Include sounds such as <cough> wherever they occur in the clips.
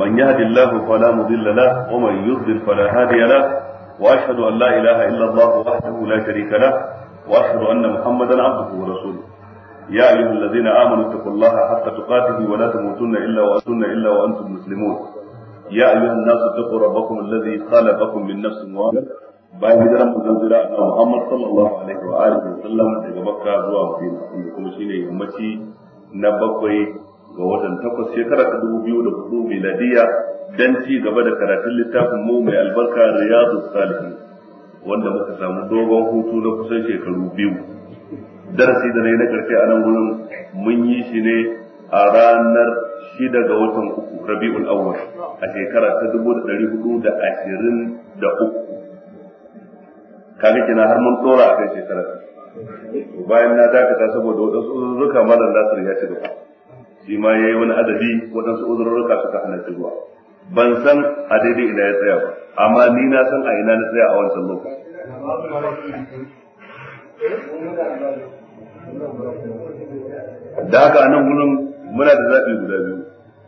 من يهد الله فلا مضل له ومن يضلل فلا هادي له واشهد ان لا اله الا الله وحده لا شريك له واشهد ان محمدا عبده ورسوله يا ايها الذين امنوا اتقوا الله حق تقاته ولا تموتن الا وانتم الا وانتم مسلمون يا ايها الناس اتقوا ربكم الذي خلقكم من نفس واحده bayan hijiran mujazzira na Muhammad sallallahu alaihi wa alihi wa sallam daga Makka zuwa Madina kuma shine yammaci na bakwai ga watan takwas shekara ta dubu biyu da hudu miladiya dan ci gaba da karatun littafin mu mai albarka riyadu salihin wanda muka samu dogon hutu na kusan shekaru biyu darasi da na yi na karshe a nan wurin mun yi shi ne a ranar shida ga watan uku rabi'ul awwal a shekara ta dubu da dari hudu da ashirin da uku kaga kina har mun dora a kai shekara bayan na dakata saboda wadansu zurruka malar nasir ya ci gaba shi ma yi wani adadi waɗansu uzurorka suka hana shi ban san a daidai ina ya tsaya ba amma ni na san a ina na tsaya a wancan lokaci da haka nan gudun muna da zaɓi guda biyu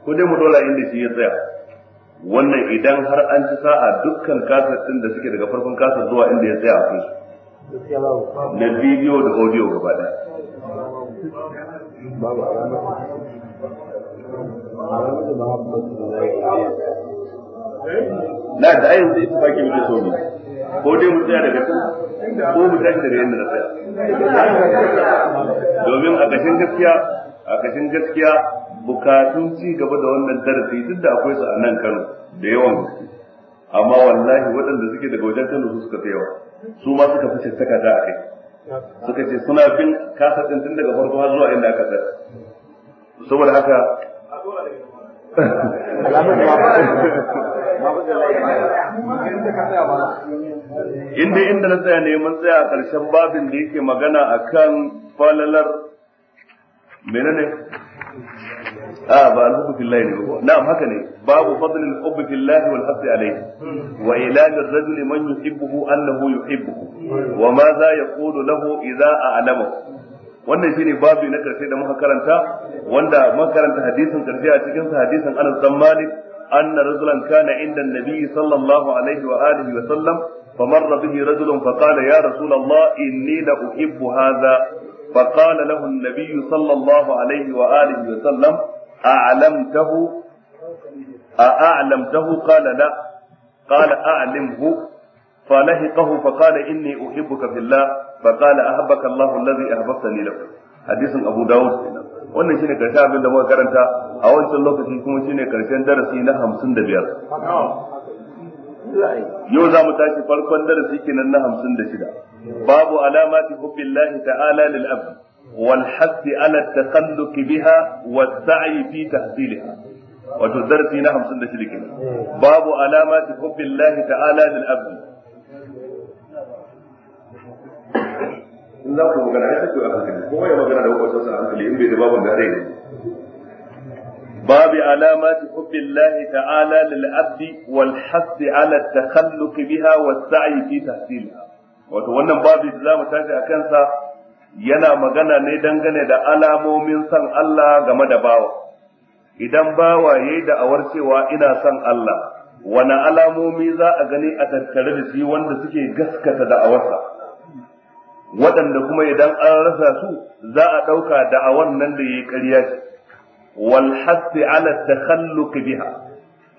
ko dai mu dola inda shi ya tsaya wannan idan har an ci sa'a dukkan kasar ɗin da suke daga farkon kasar zuwa inda ya tsaya a kai na bidiyo da audio gaba ɗaya na da ayin zai ita faki muke so ko dai mu tsaya da can ko mu tashi daga yadda na tsaya domin a kashin gaskiya a kashin gaskiya bukatun ci gaba da wannan darasi duk da akwai su a nan Kano da yawan gaske amma wallahi waɗanda suke daga wajen Kano su suka fi yawa su ma suka fi tattaka da akai suka ce suna bin kasa tun daga farko har zuwa inda aka tsaya saboda haka <laughs> inda inda na tsaya neman tsaya a ƙarshen babin da yake magana a kan falalar menene a ba alhubbu fillahi ne ba na'am haka ne babu fadlil hubbi fillahi wal hasbi alai, wa ilalir rajul man yuhibbu annahu yuhibbu wa ma za ya yaqulu lahu idza a'lamahu wannan shine babu na karshe da muka karanta wanda muka karanta hadisin karshe a cikin sa hadisin Anas bin Malik anna rajulan kana inda nabi sallallahu alaihi wa alihi wa sallam فمر به رجل فقال يا رسول الله إني لأحب هذا فقال له النبي صلى الله عليه wa sallam أعلمته أأعلمته قال لا قال فلهقه فقال إني أحبك في الله فقال أحبك الله الذي أحببتني له حديث أبو داود wannan shine karshen abin da muka karanta a wancan lokaci kuma shine karshen darasi na hamsin da biyar yau za mu tashi farkon darasi kenan na hamsin da shida babu alamati hubbillahi ta'ala lil abd wal hasbi ala takhalluq biha was sa'i fi tahsilha wato darasi na hamsin da shida kenan babu alamati hubbillahi ta'ala lil abd in za ku magana ya tafi a hankali Kuma ya magana da hukuntarsa a hankali in bai da babu gare ne باب علامات حب الله تعالى للعبد والحث على التخلق بها والسعي في تحصيلها wato wannan babu da za mu tashi a kansa yana magana ne dangane da alamomin san Allah game da bawa idan bawa ya yi da'awar cewa ina son Allah wani alamomi za a gani a tattare da shi wanda suke gaskata da'awarsa waɗanda kuma idan an rasa su za a ɗauka a wannan da yayi ƙarya ce wal hasi ala takhalluq biha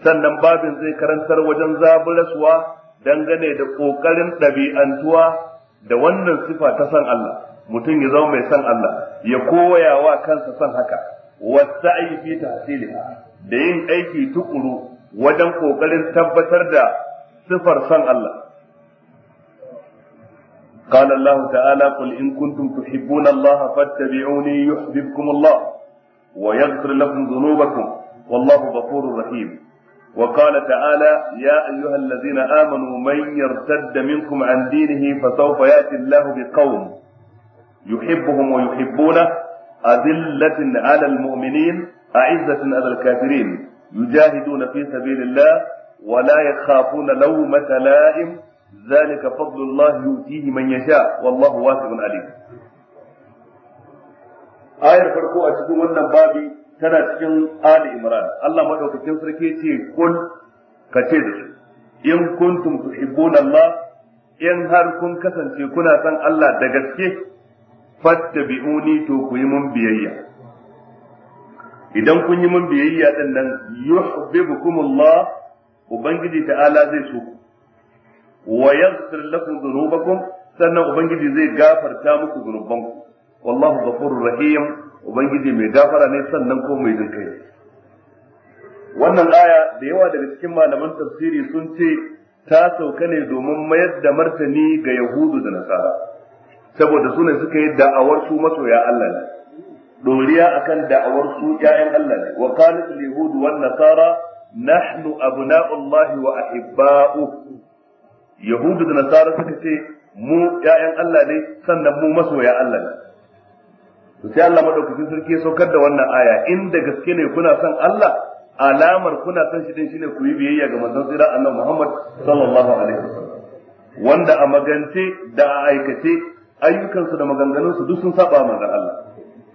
sannan babin zai karantar wajen zaburaswa dangane da ƙoƙarin ɗabi'antuwa da wannan sifa ta san Allah mutum ya zama mai san Allah ya koya wa kansa san haka wasa'i fi tahsiliha da yin aiki tukuru wajen ƙoƙarin tabbatar da sifar san Allah قال الله تعالى قل إن كنتم تحبون الله فاتبعوني يحببكم الله ويغفر لكم ذنوبكم والله غفور رحيم وقال تعالى يا أيها الذين آمنوا من يرتد منكم عن دينه فسوف يأتي الله بقوم يحبهم ويحبونه أذلة على المؤمنين أعزة على الكافرين يجاهدون في سبيل الله ولا يخافون لومة لائم ذلك فضل الله يؤتيه من يشاء والله واسع عليم ayar farko a cikin wannan babi tana cikin Ali Imran Allah madaukakin sarki ce kun ka ce da su in kuntum tuhibbuna Allah in har kun kasance kuna son Allah da gaske fattabi'uni to ku yi mun biyayya idan kun yi mun biyayya din nan Allah ubangiji ta'ala zai so ku wa yaghfir lakum dhunubakum sannan ubangiji zai gafarta muku dhunubanku wallahu ghafurur rahim ubangiji mai gafara ne sannan ko mai jin kai wannan aya da yawa daga cikin malaman tafsiri sun ce ta sauka ne domin mayar da martani ga yahudu da nasara saboda su ne suka yi da'awar su masoya Allah ne doriya akan da'awar su ƴaƴan Allah ne wa qalat al-yahud wan nasara nahnu abna'u Allah wa ahibba'u yahudu da nasara suka ce mu ƴaƴan Allah ne sannan mu masoya Allah ne to sai Allah madaukakin sarki ya saukar da wannan aya Inda gaske ne kuna son Allah alamar kuna son shi din shine ku yi biyayya ga manzon sira annabi Muhammad sallallahu alaihi wasallam wanda a magance da a aikace ayyukansu da maganganunsu duk sun saba manzon Allah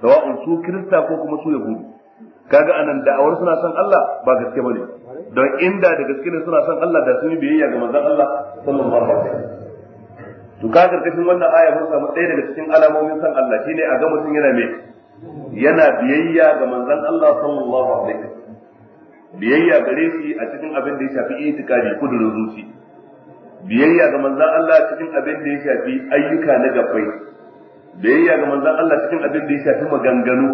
sawa'un su kirista ko kuma su yahudu kaga anan da'awar suna son Allah ba gaske bane don inda da gaske ne suna son Allah da sun yi biyayya ga manzon Allah sallallahu alaihi wasallam to ka cikin wannan aya mun samu ɗaya daga cikin alamomin san Allah shine a ga mutun yana me yana biyayya ga manzon Allah sallallahu alaihi wasallam biyayya gare shi a cikin abin da ya shafi itikadi kudurin zuci biyayya ga manzon Allah cikin abin da ya shafi ayyuka na gabbai biyayya ga manzon Allah cikin abin da ya shafi maganganu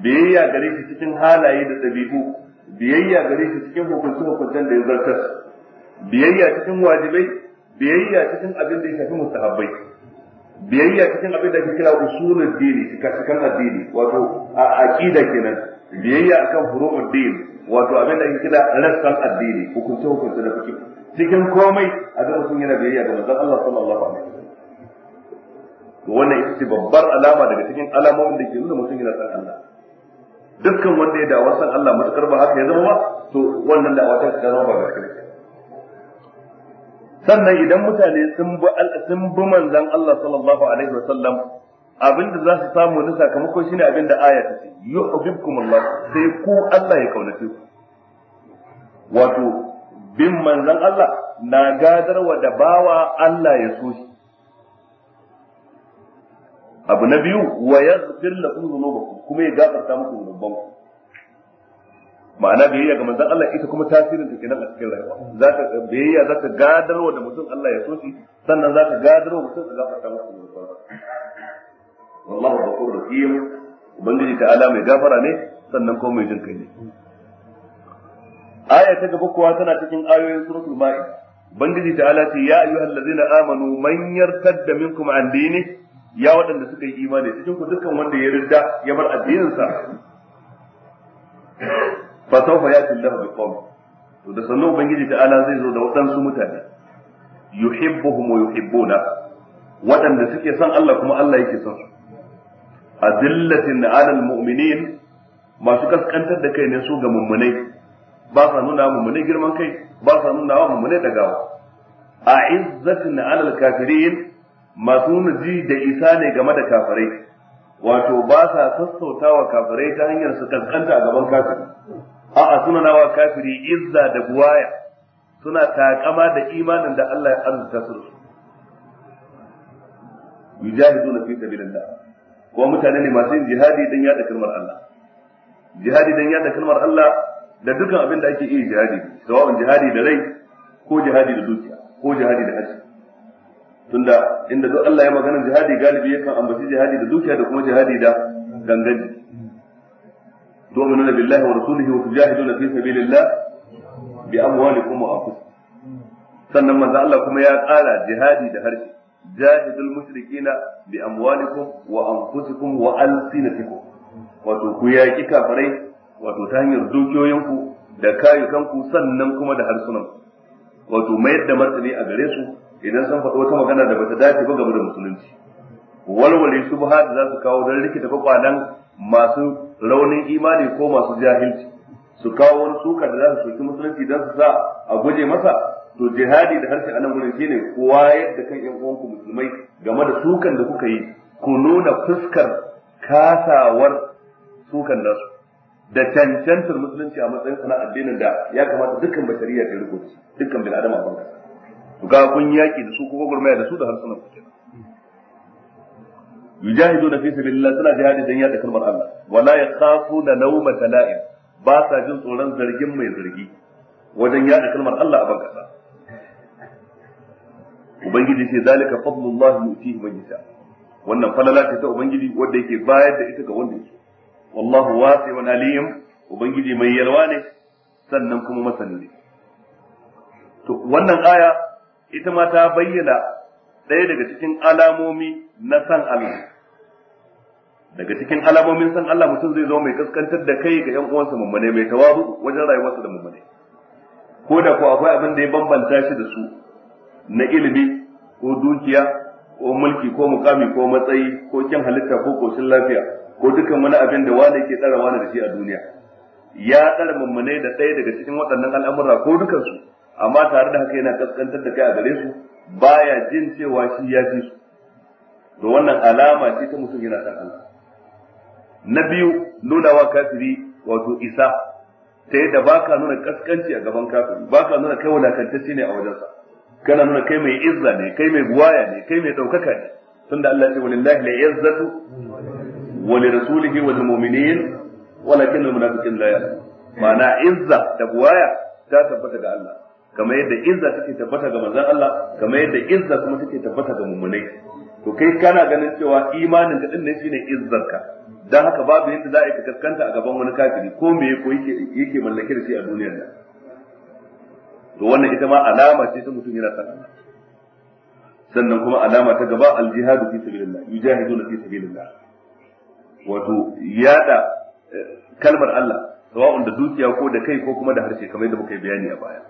biyayya gare shi cikin halaye da dabi'u biyayya gare shi cikin hukunci hukuncen da ya zartar biyayya cikin wajibai biyayya cikin abin da ya shafi mustahabbai biyayya cikin abin da ake kira usulul cikin cikin addini wato a aqida kenan biyayya akan furu'ud din wato abin da ake kira rassan addini hukunci hukunce da fiki cikin komai a ga mutum yana biyayya ga manzon Allah sallallahu alaihi wasallam wannan ita ce babbar alama daga cikin alamomin da ke nuna mutum yana san Allah dukkan wanda ya da'awa san Allah matukar ba haka ya zama ba to wannan da wata ta zama ba gaskiya sannan idan mutane sun bi sun bi manzon Allah sallallahu alaihi wa sallam abinda za su samu ne sakamako shine abinda aya ta ce Allah sai ku Allah ya kaunace ku wato bin manzon Allah na gadarwa da bawa Allah ya so shi abu na biyu wa ya lakum dhunubakum kuma ya gafarta muku ku ma'ana biyayya ga manzon Allah ita kuma tasirin ta kenan a cikin rayuwa za ka biyayya za ta gadarwa da mutum Allah ya so sannan za ta gadarwa mutum a gafarta masa zunubansa wallahu ghafurur rahim ubangiji ta'ala mai gafara ne sannan ko mai jin kai ne aya ta gaba kuwa tana cikin ayoyin suratul ma'ida ubangiji ta'ala ce ya ayyuhallazina amanu man yartadda minkum an dinihi ya waɗanda suka yi imani cikin ku dukkan wanda ya ridda ya bar addininsa fa sawfa yati Allah bi qawm to da sannan ubangiji ta'ala zai zo da waɗansu mutane yuhibbuhum wa yuhibbuna waɗanda suke son Allah kuma Allah yake son su adillatin 'alal mu'minin masu kaskantar da kai ne su ga mummunai ba sa nuna mummunai girman kai ba sa nuna wa mummunai dagawa a izzatin 'alal kafirin masu nuna ji da isa ne game da kafirai wato ba sa sassautawa kafirai ta hanyar su kankanta a gaban kafiri a'a suna nawa kafiri izza da buwaya suna takama da imanin da Allah ya arzuta su yujahiduna fi sabilillah ko mutane ne masu yin jihadi dan yada kalmar Allah jihadi dan yada kalmar Allah da dukkan abin da ake iya jihadi sawa'un jihadi da rai ko jihadi da dukiya ko jihadi da hajji tunda inda duk Allah ya magana jihadi galibi yakan ambaci jihadi da dukiya da kuma jihadi da gangani tu'minuna billahi wa rasulihi wa tujahiduna fi sabilillah bi amwalikum wa anfusikum sannan manzo Allah kuma ya ƙara jihadi da harshe jahidul mushrikina bi amwalikum wa anfusikum wa alsinatikum wato ku yaki kafirai wato ta hanyar dukiyoyinku da kayukanku sannan kuma da harsunan. wato mayar da martani a gare su idan sun faɗo wata magana da bata dace ba game da musulunci walwale su da za su kawo don rikita kwakwalan masu raunin imani ko masu jahilci su kawo wani suka da za su soki musulunci don su sa a guje masa to jihadi da harshen anan wurin shine kowa yadda kan yan uwanku musulmai game da sukan da kuka yi ku nuna fuskar kasawar sukan nasu da cancantar musulunci a matsayin sana'ar addinin da ya kamata dukkan bashariya ta rubuta dukkan bil adama a ga kun yaki da su ko gurmaya da su da harsunan ku kenan yujahiduna fi sabilillah suna jihadi dan yaɗa kalmar Allah wala yakhafuna lawmata la'im ba sa jin tsoron zargin mai zargi wajen yaɗa kalmar Allah a bakasa ubangiji ce zalika fadlullah yu'tihi man yasha wannan falala ce ta ubangiji wanda yake bayar da ita ga wanda yake wallahu wasi'un alim ubangiji mai yalwa ne sannan kuma masani ne to wannan aya ita ma ta bayyana ɗaya daga cikin alamomi na san Allah daga cikin alamomin san Allah mutum zai zo mai kaskantar da kai ga 'yan uwansa mummune mai tawazu wajen rayuwarsa da mummune ko da ko akwai abin da ya bambanta shi da su na ilimi ko dukiya ko mulki ko mukami ko matsayi ko kyan halitta ko koshin lafiya ko dukkan wani abin da wani ke tsara wani da shi a duniya ya tsara mummune da ɗaya daga cikin waɗannan al'amura ko dukansu amma tare da haka yana kaskantar da kai a gare su baya jin cewa shi ya fi su to wannan alama ce ta mutum yana san Allah na biyu nuna wa kafiri wato isa ta yadda ba ka nuna kaskanci a gaban kafiri ba ka nuna kai wadakantacce ne a wajensa kana nuna kai mai izza ne kai mai buwaya ne kai mai ɗaukaka ne tunda Allah ya ce walillahi la izzatu wa li rasulihi wa lil mu'minin walakin al munafiqin la ya'lamun ma'ana izza da buwaya ta tabbata ga Allah kamar yadda izza take tabbata ga manzon Allah kamar yadda izza kuma take tabbata ga mummunai to kai kana ganin cewa imanin ka din ne shine izzarka dan haka babu yadda za a ka kaskanta a gaban wani kafiri ko me ko yake yake mallake da shi a duniyar nan to wannan ita ma alama ce ta mutum yana sallah sannan kuma alama ta gaba aljihadu fi sabilillah yujahidu fi sabilillah wato yada eh, kalmar Allah sawa'un da dukiya ko da kai ko kuma da harshe kamar yadda muka yi bayani a baya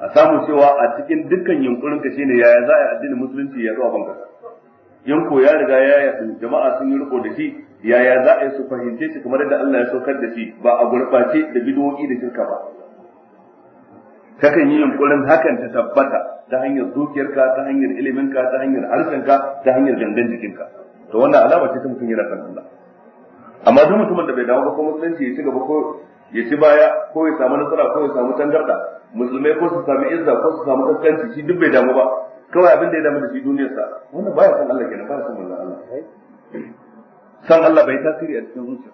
a samu cewa a cikin dukkan yunkurin ka shine yaya za a addinin musulunci ya zuwa banka yanko ya riga ya yi jama'a sun yi riko da shi yaya za a yi su fahimce shi kamar yadda Allah ya saukar da shi ba a gurɓace da bidowoyi da shirka ba kakan yi yunkurin hakan ta tabbata ta hanyar dukiyarka ta hanyar iliminka ta hanyar harshenka ta hanyar gangan jikinka to wannan alama ce ta mutum yana kan Allah amma duk mutumin da bai dawo ba ko musulunci ya ci gaba ko ya ci baya ko ya samu nasara ko ya samu tangarda musulmai ko su samu izza ko su samu kaskanci shi duk bai damu ba kawai abin da ya damu da shi sa wannan baya san Allah kenan baya san manzon Allah san Allah bai tasiri a cikin zuciya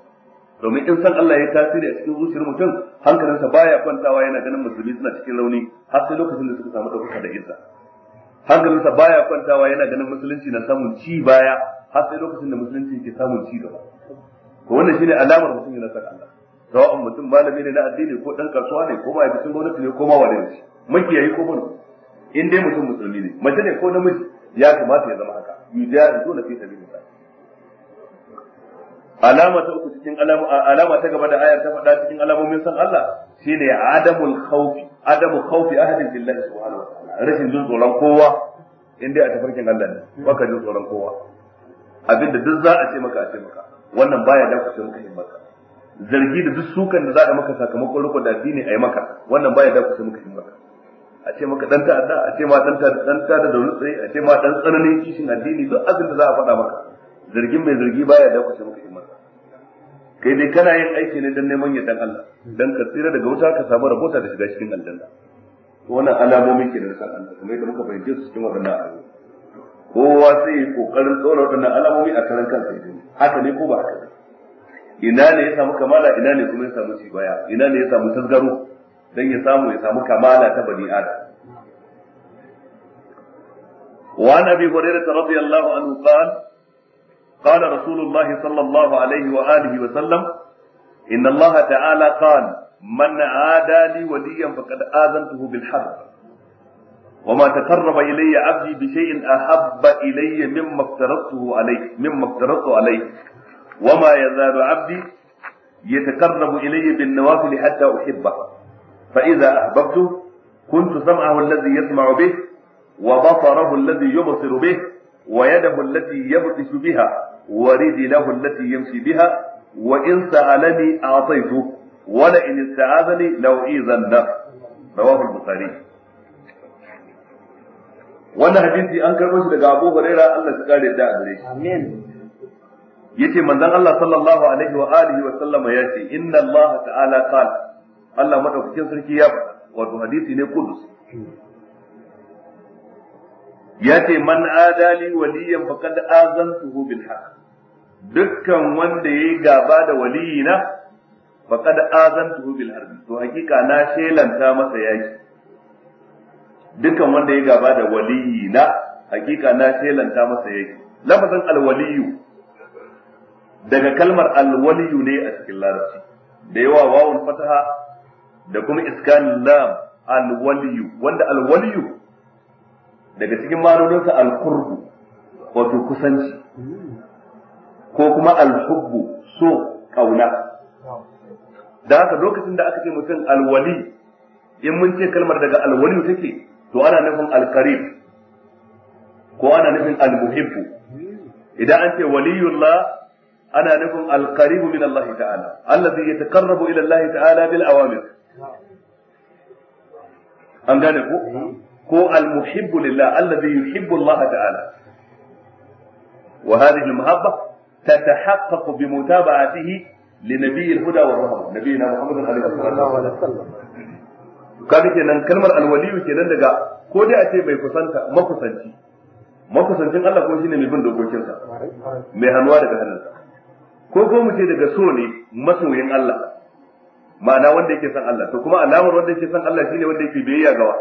domin in san Allah ya tasiri a cikin zuciyar mutum hankalinsa baya kwantawa yana ganin musulmi suna cikin rauni har sai lokacin da suka samu dauka da izza hankalinsa baya kwantawa yana ganin musulunci na samun ci baya har sai lokacin da musulunci ke samun ci gaba to wannan shine alamar mutum yana san Allah sawa'un mutum malami ne na addini ko dan kasuwa ne ko ma'aikacin gwamnati ne ko ma wani ne yayi ko mana in dai mutum musulmi ne mace ne ko namiji ya kamata ya zama haka yujahidu na fi sabilillah alama ta uku cikin alama ta gaba da ayar ta faɗa cikin alamomin san Allah shine adamul khawfi adamu khawfi ahadin billahi subhanahu wa ta'ala rashin jin tsoron kowa in dai a tafarkin Allah ne baka jin tsoron kowa abinda duk za a ce maka a ce maka wannan baya da ku ce maka zargi da duk sukan da za a maka sakamakon rukun da addini a yi maka wannan baya da kusa muka yi maka a ce maka dan ta'adda a ce ma dan ta da dauri a ce ma dan tsananin kishin addini duk abin da za a faɗa maka zargin mai zargi baya da kusa muka yi maka kai dai kana yin aiki ne dan neman yardan Allah dan ka tsira daga wuta ka samu rabota da shiga cikin aljanna wannan alamomi ke da san Allah kuma yadda muka fahimce su cikin wannan ayoyi kowa sai ya kokarin tsora wannan alamomi a karan kansa haka ne ko ba haka ba ina ne ya samu kamala ina ne kuma ya samu shibaya ina ne ya samu tasgaro don ya samu ya samu kamala ta bani adam wa nabi hurairah radiyallahu anhu qal qala rasulullah sallallahu alaihi wa wa sallam inna allah ta'ala qal man aada li waliyan faqad azantuhu bil harb وما تقرب إلي عبدي بشيء أحب إلي مما افترضته عليه مما افترضته عليه وما يزال عبدي يتقرب إلي بالنوافل حتى أحبه فإذا أحببته كنت سمعه الذي يسمع به وبصره الذي يبصر به ويده التي يبطش بها ورجله التي يمشي بها وإن سألني أعطيته ولئن استعاذني لأعيذنه رواه البخاري wannan hadisi an karɓo shi daga Abu Hurairah Allah ya kare da gare shi amin yace manzon Allah sallallahu alaihi wa alihi wa sallama yace inna Allah ta'ala qala Allah madaukakin sarki ya faɗa wato hadisi ne kudus yace man adali waliyan faqad azantuhu bil haqq dukkan wanda yayi gaba da waliyina faqad azantuhu bil harbi to hakika na shelanta masa yaki dukkan wanda yayi gaba da waliyina hakika na shelanta masa yaki lafazin alwaliyu daga kalmar alwaliyu ne a cikin larabci da yawa wawun fataha da kuma iskan lam alwaliyu wanda alwaliyu daga cikin ma'anoninsa alqurbu wato kusanci ko kuma alhubbu so kauna da haka lokacin da aka ce mutum alwali in mun ce kalmar daga alwali take to ana nufin alqarib ko ana nufin almuhibbu idan an ce waliyullah ana nufin alqaribu min Allah ta'ala allazi yataqarrabu ila Allah ta'ala bil awamir an gane ko ko almuhibbu lillah allazi yuhibbu Allah ta'ala تتحقق بمتابعته لنبي الهدى والرحمة نبينا محمد صلى الله عليه وسلم kaga kenan kalmar alwaliyu kenan daga ko dai a ce bai kusanta makusanci makusancin Allah ko shine mai bin dokokinsa mai hannuwa daga hannunsa ko ko mu ce daga so ne masoyin Allah ma'ana wanda yake son Allah to kuma alamar wanda yake son Allah shine wanda yake biyayya gawa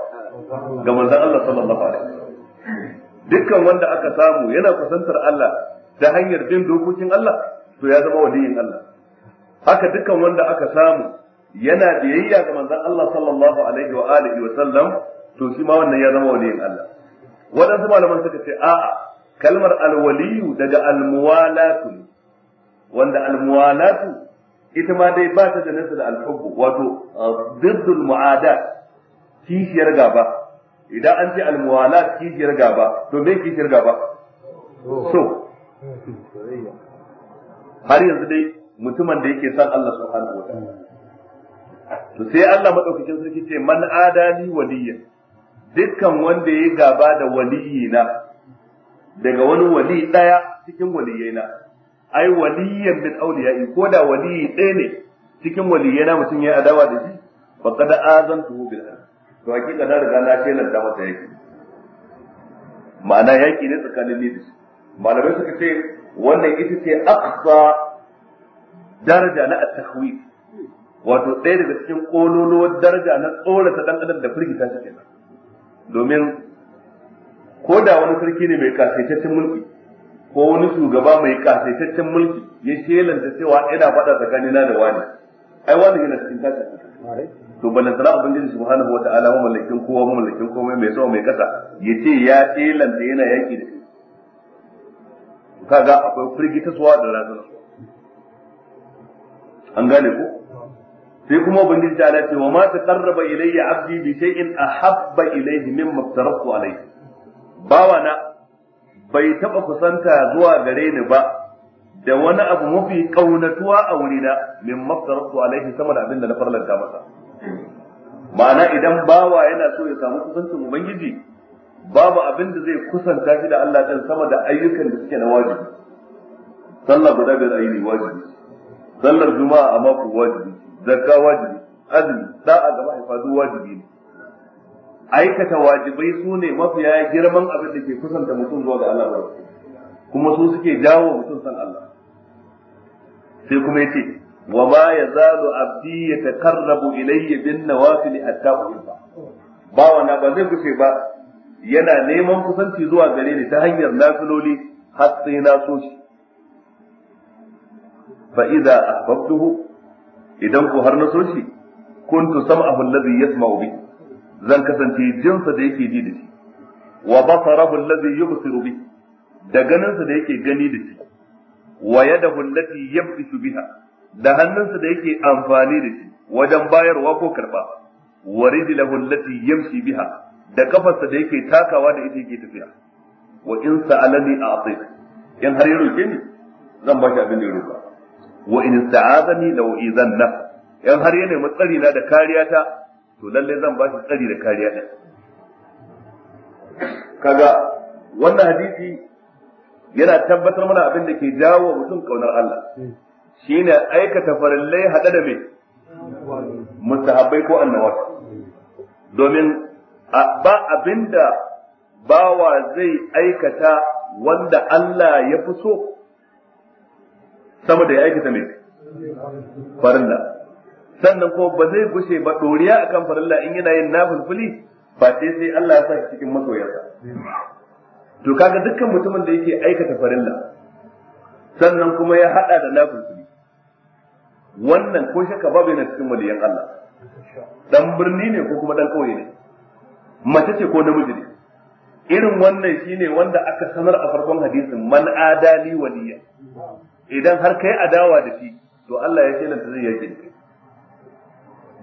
ga manzon Allah sallallahu alaihi wasallam dukkan wanda aka samu yana kusantar Allah ta hanyar bin dokokin Allah to ya zama waliyin Allah haka dukkan wanda aka samu yana biyayya ga manzon Allah sallallahu alaihi wa alihi wa sallam to shi ma wannan ya zama waliyin Allah wadansu malaman suka ce a'a kalmar alwaliyu daga almuwalatu wanda almuwalatu ita ma dai ba ta da nasu da alhubbu wato uh, diddul mu'ada kishiyar gaba idan an ce almuwalat kishiyar gaba to me kishiyar gaba so har yanzu dai mutumin da yake san Allah subhanahu wa ta'ala to sai Allah madaukakin sarki ce man adali waliyyan dukkan wanda yayi gaba da waliyina daga wani wali daya cikin waliyaina ai waliyan min in ko da wali ɗaya ne cikin na mutum ya adawa da shi fa qad azantuhu bil harb to hakika na riga na kenan da mata yake ma'ana yaki ne tsakanin ni da shi malamai suka ce wannan ita ce aqsa daraja na at-tahwid wato ɗaya daga cikin kololuwar daraja na tsorata dan adam da firgita ta kenan domin ko da wani sarki ne mai kasaitaccen mulki ko wani shugaba mai kasaitaccen mulki ya shelanta cewa ina faɗa tsakanina da wani ai wani yana cikin kasa to balantana ubangiji subhanahu wa mallakin kowa mallakin komai mai sama mai kasa ya ce ya shelanta yana yaƙi da shi kaga akwai suwa da razana an gane ko sai kuma ubangiji ta ce wa ma taqarraba ilayya abdi bi shay'in ahabba ilayhi mimma tarattu alayhi bawana bai taɓa kusanta zuwa gare ni ba da wani abu mafi ƙaunatuwa a wurina min mafsaratu alaihi sama da abin da na farlanta masa ma'ana idan bawa yana so ya samu kusancin ubangiji babu abin da zai kusanta shi da Allah dan sama da ayyukan da suke na wajibi sallah guda biyar ayyuka wajibi sallar juma'a a mako wajibi zakka wajibi azumi da'a ga mahaifa wajibi ne aikata wajibai su ne mafiya girman abin da ke kusanta mutum zuwa ga Allah kuma su suke jawo mutum san Allah sai kuma yace wa ma yazalu abdi yataqarrabu ilayya bin nawafil hatta uhibba ba wanda ba zai kuce ba yana neman kusanci zuwa gare ni ta hanyar nafiloli har sai na so shi fa idza ahbabtuhu idan ku har na so shi kuntu sam'ahu alladhi yasma'u bihi zan kasance jinsa da yake ji da shi wa basarahu allazi yubsiru bi da ganinsa da yake gani da shi wa yadahu allati yabtisu biha da hannunsa da yake amfani da shi wajen bayarwa ko karba wa rijlahu allati yamshi biha da kafarsa da yake takawa da ita yake tafiya wa in sa'alani a'ti in har ya roke ni zan ba shi abin da ya roka wa in sta'azani law idhanna in har ya nemi tsari na da kariya ta to lalle zan ba shi tsari da kariya din kaga wannan hadisi yana tabbatar mana abin da ke jawo mutum kaunar Allah shine aikata farillai hada da me mustahabbai ko annawat domin ba abinda bawa zai aikata wanda Allah ya fi so sama da ya aikata me farilla sannan kuma ba zai gushe ba doriya akan farilla in yana yin nafilfili ba sai sai Allah ya sa shi cikin masoyarsa to kaga dukkan mutumin da yake aikata farilla sannan kuma ya hada da nafulfuli. wannan ko shakka bai na cikin waliyan Allah dan birni ne ko kuma dan kauye ne mace ce ko namiji ne irin wannan shine wanda aka sanar a farkon hadisin man adali waliya idan har kai adawa da shi to Allah ya shelanta zai yake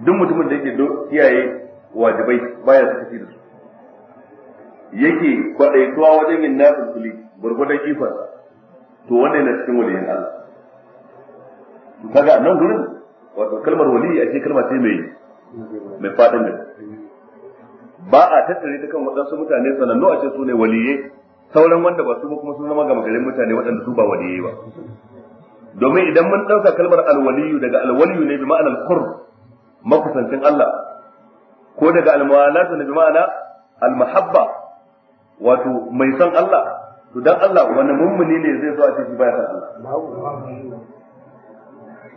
duk mutumin da yake kiyaye wajibai baya sakaci da su yake kwaɗaituwa wajen yin nafin kuli gwargwadon kifar to wannan yana cikin waliyin Allah kaga nan gurin wato kalmar a ashe kalmar ce mai mai fadin da ba a tattare ta kan waɗansu mutane sanannu a ce su ne waliye sauran wanda ba su kuma sun zama gama garin mutane waɗanda su ba waliye ba domin idan mun ɗauka kalmar alwaliyu daga alwaliyu ne bi ma'anar qurb makusancin Allah ko daga almuwalatu na bima'ana almahabba wato mai son Allah to dan Allah wani mummuni ne zai zuwa a cikin baya san Allah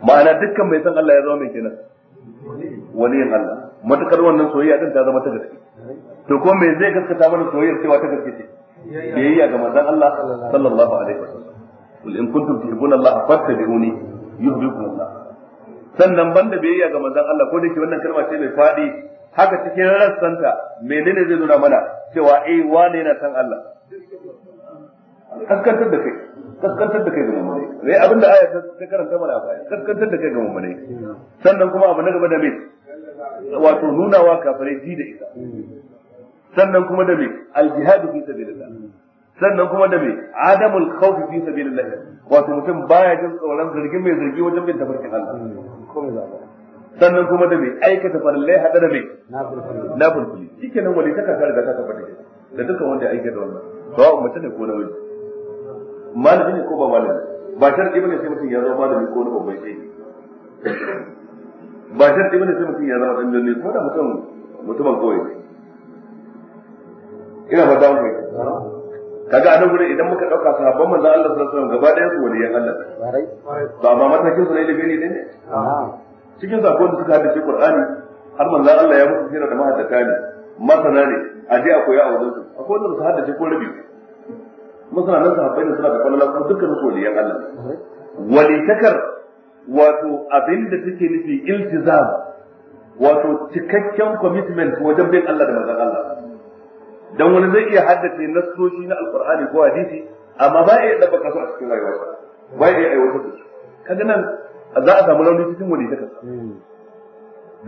ma'ana dukkan mai son Allah ya zama mai kenan waliyin Allah matukar wannan soyayya din ta zama ta gaske to ko me zai gaskata mana soyayyar cewa ta gaske ce biyayya ga manzon Allah sallallahu alaihi wasallam qul in kuntum tuhibbuna Allah fattabi'uni yuhibbukum Allah sannan banda biyayya ga manzon Allah ko dake wannan kalma ce mai faɗi haka cikin ta menene zai nuna mana cewa eh wane yana san Allah kaskantar da kai kaskantar da kai ga mummune sai abinda aya ta karanta mana a baya kaskantar da kai ga mummune sannan kuma abu na gaba da mai wato nuna wa kafirai ji da ita sannan kuma da mai aljihadu fi sabilillah sannan kuma da mai adamul khawfi fi sabilillah wato mutum baya jin tsoron zargin mai zargi wajen bin tafarkin Allah sannan kuma da mai aikata farallai hada da mai na shi ke nan wani taka da ta tabbata da dukkan wanda ya aikata wannan ba wa mutum ne ko na wani malami ne ko ba malami ba sharadi bane sai mutum ya zama malami ko na babban shi ba sharadi bane sai mutum ya zama ɗan janne kuma da mutum mutumin kawai ina fata mu kaga anan gurin idan muka dauka sahabban manzon Allah sallallahu alaihi wasallam gaba daya su waliyan Allah ba ba matakin su ne da gani ne cikin sakon da suka haddace Qur'ani har manzon Allah ya musu jira da mahaddata ne masana ne a je a koya a wajen su akwai wanda su haddace ko rabi masana nan sahabbai ne suna da falala kuma dukkan su waliyan Allah walitakar wato abin da take nufi iltizam wato cikakken commitment wajen bin Allah da manzon Allah dan wani zai iya haddace nassoshi na alqur'ani ko hadisi amma ba ya dabba kasu a cikin rayuwa ba ya aiwatar da su kaga nan za a samu rauni cikin wani kasa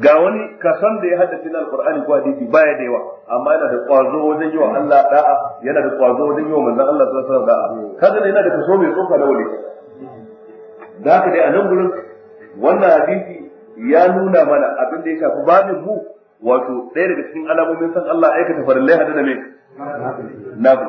ga wani san da ya haddace na alqur'ani ko hadisi ba ya da yawa amma yana da kwazo wajen yi wa Allah da'a yana da kwazo wajen yi wa manzon Allah sallallahu alaihi wasallam da'a kaga yana da kaso mai tsoka na wani da haka dai a nan gurin wannan hadisi ya nuna mana abin da ya shafi babin mu wato ɗaya daga cikin alamomin san Allah aikata farallai hada da me nafi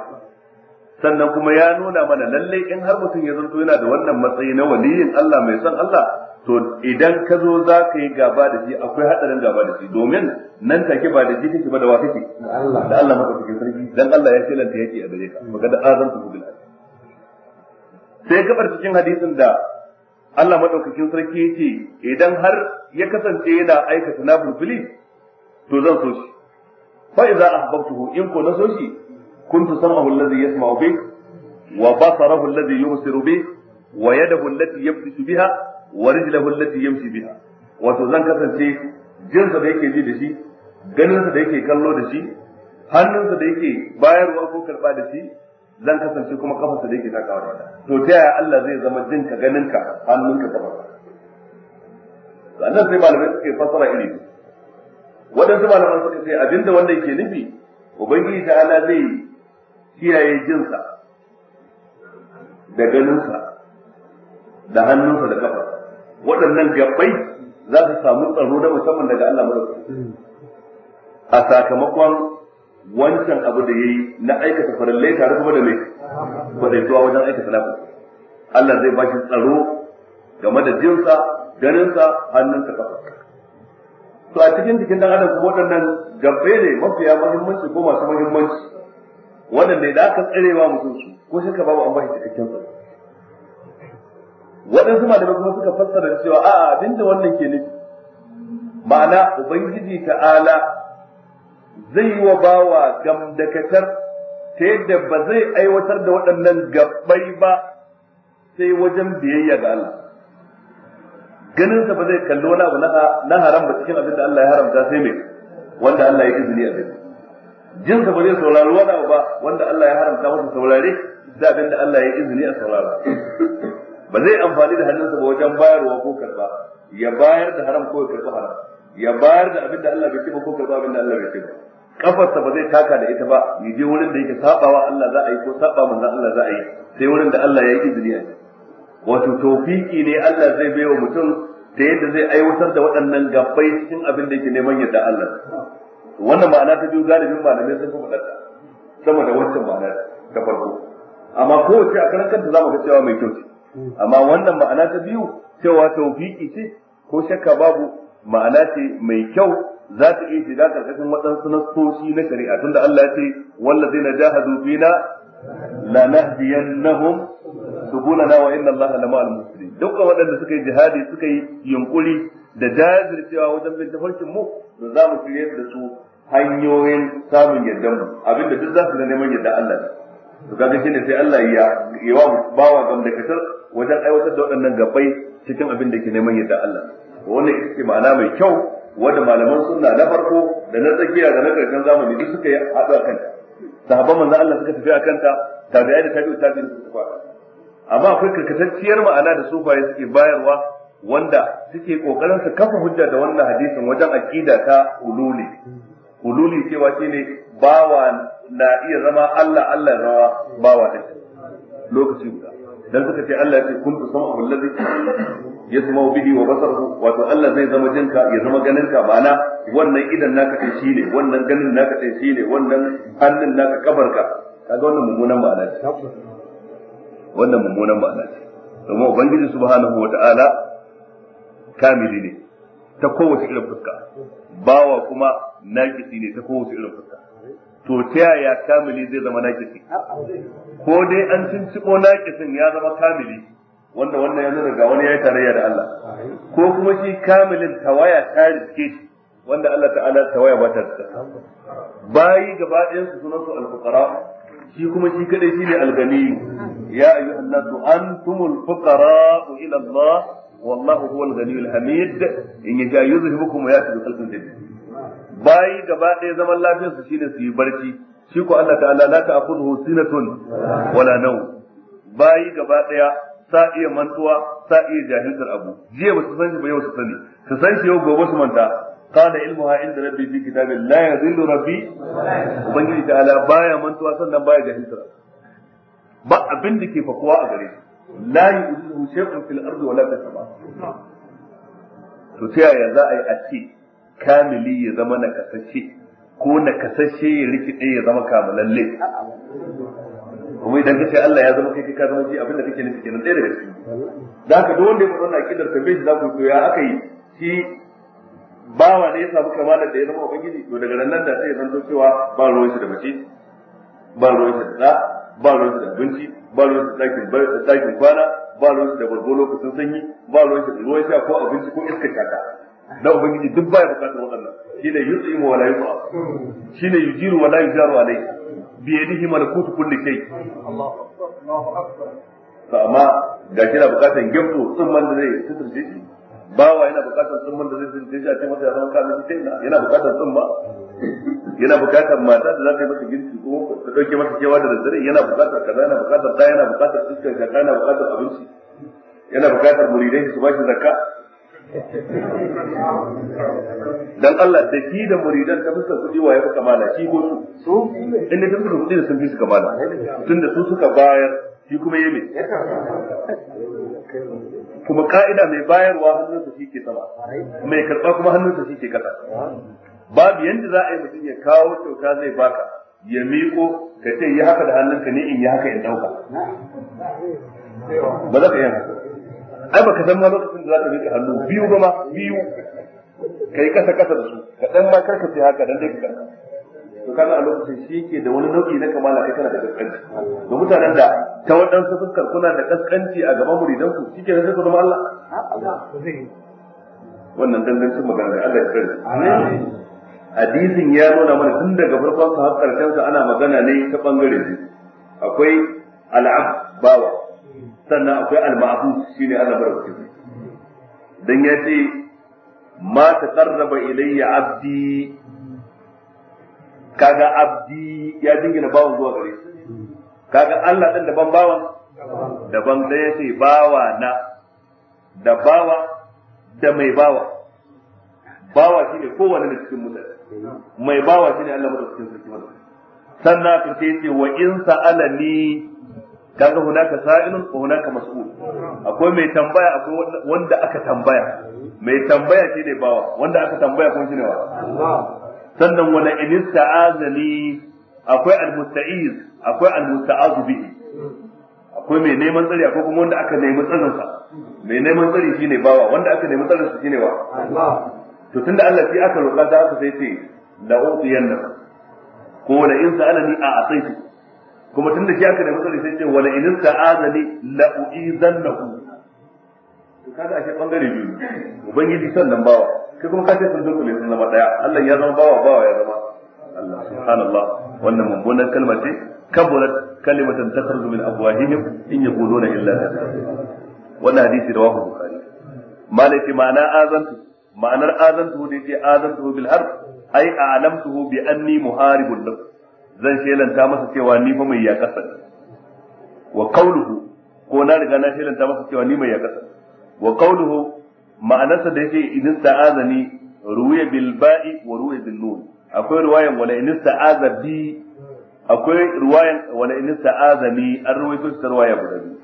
sannan kuma ya nuna mana lalle in har mutum ya zanto yana da wannan matsayi na waliyin Allah mai san Allah to idan ka zo za ka yi gaba da shi akwai hadarin gaba da shi domin nan take ba da jikin ba da wa kake da Allah maka cikin sarki dan Allah ya ce lanta yake a gare ka da azan ku bil sai gabar cikin hadisin da Allah madaukakin sarki yake idan har ya kasance yana aikata nafil to zan so shi fa idza ahbabtuhu in ko na so shi kuntu sam'ahu alladhi yasma'u bi wa basarahu alladhi yubsiru bi wa yadahu allati yabtishu biha wa rijluhu allati yamshi biha wato zan kasance jinsa da yake ji da shi ganinsa da yake kallo da shi hannunsa da yake bayarwa ko karba da shi zan kasance kuma kafarsa da yake takawa da to ta yaya Allah zai zama jinka ganinka hannunka kafarsa sannan sai malamai suke fassara iri waɗansu malaman suka ce abinda wannan ke nufi ubangiji ta ala zai kiyaye jinsa da ganinsa da hannunsa da kafa waɗannan gabbai za su samu tsaro na musamman daga Allah madaukakin a sakamakon wancan abu da yayi na aikata farallai tare kuma da mai zuwa wajen aikata lafi Allah zai ba shi tsaro game da jinsa ganinsa hannunsa kafa to a cikin jikin dan adam kuma waɗannan gabbe ne mafiya muhimmanci ko masu muhimmanci waɗanda da aka tsarewa mutum su ko shi ka babu an bashi cikakken tsaro waɗansu da kuma suka fassara cewa a'a abinda wannan ke nufi ma'ana ubangiji ta'ala zai yi wa bawa gamdakatar ta yadda ba zai aiwatar da waɗannan gabbai ba sai wajen biyayya ga Allah Ganinsa ba zai kalli wani abu na haram ba cikin abin da Allah ya haramta sai mai wanda Allah ya izini abin jin sa ba zai saurari wani abu ba wanda Allah ya haramta masa saurare da abin da Allah ya izini a saurara ba zai amfani da hannunsa ba wajen bayarwa ko karba ya bayar da haram ko ya karba haram ya bayar da abin da Allah bai ce ba ko karba abin da Allah bai ce ba kafarsa ba zai taka da ita ba ya je wurin da yake sabawa Allah za a yi ko saba manzon Allah za a yi sai wurin da Allah ya izini a yi wato tofiki ne Allah zai baiwa mutum da yadda zai aiwatar da waɗannan gabbai cikin abin da yake neman yadda Allah wannan ma'ana ta biyu galibin malamai sun fi faɗa sama da wancan ma'ana ta farko amma kowace a karan kanta mu ga cewa mai kyau ce amma wannan ma'ana ta biyu cewa tofiki ce ko shakka babu ma'ana ce mai kyau za ta iya shiga karkashin waɗansu nassoshi na shari'a tunda Allah ya ce wallazina jahadu fina nahdiyannahum na wa inna allaha la ma'al muslimin dukkan waɗanda suka yi jihadi suka yi yunkuri da jazircewa wajen bin tafarkin mu da za mu shirye da su hanyoyin samun yardan mu abinda duk za su ga neman yadda Allah ne to kaga shine sai Allah ya yawa bawa gamdakatar wajen aiwatar da waɗannan gabai cikin abin da ke neman yadda Allah wannan ita ma'ana mai kyau wanda malaman sunna na farko da na tsakiya da na karshen zamani duk suka yi haɗu a kanta sahabban manzon Allah suka tafi a kanta tabi'ai da tabi'u tabi'in suka tafi a kanta amma akwai karkatacciyar ma'ana da sufaye suke bayarwa wanda suke kokarin su kafa hujja da wannan hadisin wajen aqida ta ululi ululi cewa shine bawa na iya zama Allah Allah rawa bawa da lokaci guda dan suka ce Allah ya ce kuntu sam'ahu allazi yasma'u bihi wa basaruhu wato Allah zai zama jinka ya zama ganinka ma'ana wannan idan naka kai shine wannan ganin naka kai shine wannan hannun naka kafarka kaga wannan mummunan ma'ana wannan mummunan ma'ana ce domin ubangiji subhanahu wata'ala kamili ne ta kowace irin fuska bawa kuma nakisi ne ta kowace irin fuska to ta yaya kamili zai zama nakisi ko dai an cinciko nakisin ya zama kamili wanda wannan ya nuna ga wani ya yi tarayya da Allah ko kuma shi kamilin tawaya ta riske shi wanda Allah ta'ala tawaya ba ta riske bayi gaba ɗayan su sunan su al shi kuma shi kadai shine ne algani ya ayu annatu antumul fuqara ila Allah wallahu huwal ghaniyul hamid in yaja yuzhibukum ya tabi khalqin jadid bayi gaba ɗaya zaman lafiyar su shine su yi barci shi ko Allah ta'ala la ta'khudhu sinatun wala naw bayi gaba ɗaya sa iya mantuwa sa iya jahilzar abu jiya ba su san shi ba yau su sani su san shi yau gobe su manta qala ilmuha inda rabbi fi kitabin la yadhillu rabbi ubangiji ta ala baya mantuwa sannan baya jahilta ba abin da ke fakuwa a gare la yu'jizuhu shay'un fil ardi wala fis sama to ta za a yi a ce kamili ya zama kasashe ko ya rikide ya zama kamalalle kuma idan ka Allah ya zama kai ka zama shi abin kake nufi kenan ɗaya daga ciki da haka duk wanda ya faɗa na akidar ta bai za ku to ya aka yi shi Ba wa ne ya samu kamalar da ya zama ubangiji to daga nan da sai ya zanto cewa ba ruwan shi da mace ba ruwan shi da da ba ruwan shi da abinci ba ruwan shi da dakin dakin kwana ba ruwan shi da bargo lokacin sanyi ba ruwan shi da ruwan sha ko abinci ko iska shaka da ubangiji duk baya bukatar waɗannan shine yut'imu wa la Shi ne yujiru wa la yujaru alai bi yadihi malakutu kulli shay Allahu akbar Allahu akbar to amma ga kira bukatar gefto tsumman da zai tsirce bawa yana bukatar tsumman da zai sun shi a ce masa ya zama kana shi yana bukatar tsumma yana bukatar mata da za ta yi masa girki ko ta dauke masa cewa da daddare yana bukatar kaza yana bukatar da yana bukatar iskar shaka yana bukatar abinci yana bukatar muridai su bashi zakka dan Allah da ki da muridan ta fuskar kudi wa ya fi kamala shi ko su su inda ta fuskar kudi da sun fi su kamala tunda su suka bayar shi kuma yemi kuma ka'ida mai bayarwa hannunsa shi ke sama mai karɓa kuma hannunsa shi ke ƙasa babu yanda za a yi mutum ya kawo kyauta zai baka ya miƙo ka ce yi haka da hannunka ne in yi haka in ɗauka ba za ka yi haka ai baka san ma lokacin da za ka miƙa hannu biyu ba ma biyu ka yi ƙasa ƙasa da su ka ɗan ma karkace haka dan dai ka to kaga a lokacin shi yake da wani nau'i na kamala kai kana da kaskanci ga mutanen da ta waɗansu fuskar kuna da kaskanci a gaban muridan ku shike sai ku zama Allah wannan dangancin magana da Allah ya kare hadisin ya nuna mana tun daga farkon sa har karshen sa ana magana ne ta bangare ne akwai al'ab bawa sannan akwai al-ma'bud shine Allah barkatu dan ya ce ma taqarraba ilayya abdi kaga abdi ya dingina bawan zuwa gare shi kaga Allah din daban bawan daban da ya ce bawa na da bawa da mai bawa bawa shine kowanne da cikin mutane mai bawa shine Allah madaukakin sarki wannan sannan ka ce ce wa in sa'alani kaga hunaka sa'ilun wa hunaka mas'ul akwai mai tambaya akwai wanda aka tambaya mai tambaya shine bawa wanda aka tambaya kun shine wa sannan wala in ista'azani akwai almusta'iz akwai almusta'azu bihi akwai mai neman tsari akwai kuma wanda aka nemi tsarinsa mai neman tsari shine bawa wanda aka nemi tsarinsa shine wa to tunda Allah sai aka roƙa da aka sai ce la utiyanna ko wala in sa'alani a asaitu kuma tunda shi aka nemi tsari sai ce wala in sa'azani la uizannahu to kaga ashe bangare biyu ubangiji sannan bawa kai kuma ka sun dunkule sun zama daya Allah ya zama bawa bawa ya zama Allah subhanallah wannan mummunan kalma ce kaburat kalimatan takhruju min afwahihim in yaquluna illa kadhiba wannan hadisi rawahu bukhari malai ma'ana azantu ma'anar azantu da yake azantu bil harb ai a'lamtuhu bi anni muharibun lahu zan shelanta masa cewa ni fa mai yakasa wa qawluhu ko na riga na shelanta masa cewa ni mai yakasa wa qawluhu ma'anarsa da yake idin ta'azani ruwiya bil ba'i wa ruwiya bil nun akwai ruwayan wala idin ta'aza bi akwai ruwayan wala idin ta'azani an ruwaito ta ruwaya guda biyu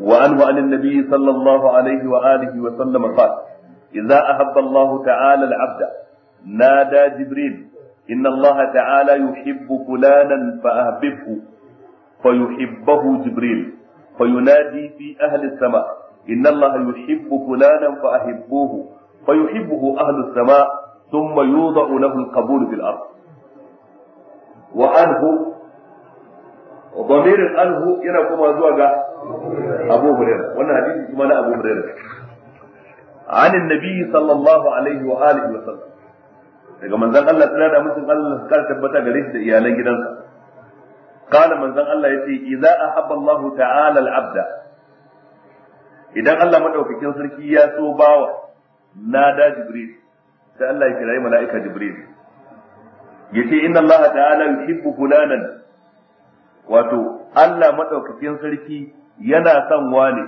wa anhu an annabi sallallahu alaihi wa alihi wa sallam qala idza ahabba Allah ta'ala al-'abda nada jibril inna Allah ta'ala yuhibbu fulanan fa ahbibhu فيحبه جبريل فينادي في أهل السماء inna allaha yuhibbu fulanan fa ahibbuhu fa yuhibbuhu ahlus sama thumma yudau lahu al-qabul anhu ضمير yana kuma zuwa ga Abu Hurairah wannan hadisi kuma na عن النبي صلى الله عليه وآله وسلم daga manzon Allah tsira da mutum Allah ka tabbata gare shi da iyalan gidansa kana manzon Allah yace idza ahabba Allah ta'ala al-abda idan Allah madaukakin sarki ya so bawa nada jibril sai Allah ya kira mala'ika jibril yace inna Allah ta'ala yuhibbu fulanan wato Allah madaukakin sarki yana son wani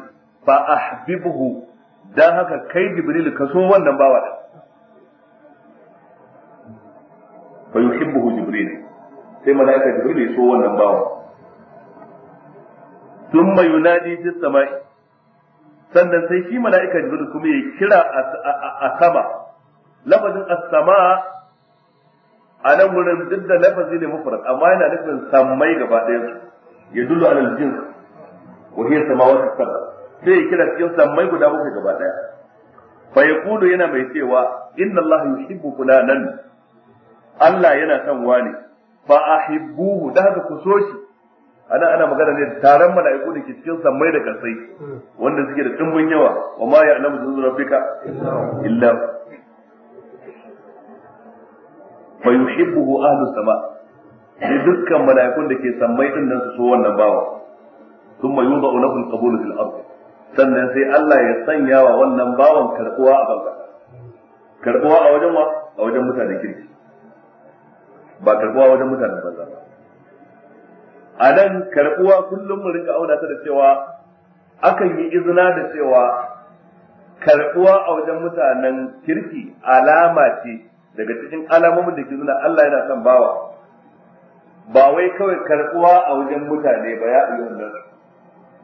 fa ahbibuhu dan haka kai jibril ka so wannan bawa da fa yuhibbu jibril sai mala'ika jibril ya so wannan bawa thumma yunadi fis sama'i sannan sai shi mala'ika jibril kuma ya kira a sama lafazin a sama a nan wurin duk da lafazi ne mafarar amma yana nufin samai gaba ɗaya ya dullu a lalcin wa sama wata sama sai ya kira cikin samai guda bakwai gaba ɗaya fa kudu yana mai cewa inna allaha yuhibbu fulanan Allah yana son wani fa ahibbuhu da haka ku so shi ana ana magana ne taron mala'iku da ke cikin samai da kasai hmm. wanda suke da dimbin yawa wa ma ya'lamu zunuba rabbika illa fa yuhibbuhu ahlus sama ne dukkan mala'ikun da ke sammai din nan su so wannan bawa thumma yudau lahu al-qabulu fil ardh sannan sai Allah ya sanya wa wannan bawan karbuwa a banza karbuwa a wajen wa a wajen mutanen kirki ba karbuwa wajen mutanen banza ba a nan karɓuwa kullum mu rinka auna ta da cewa akan yi izina da cewa karɓuwa a wajen mutanen kirki alama ce daga cikin alamomin da ke nuna Allah yana son bawa ba wai kawai karɓuwa a wajen mutane ba ya iya wannan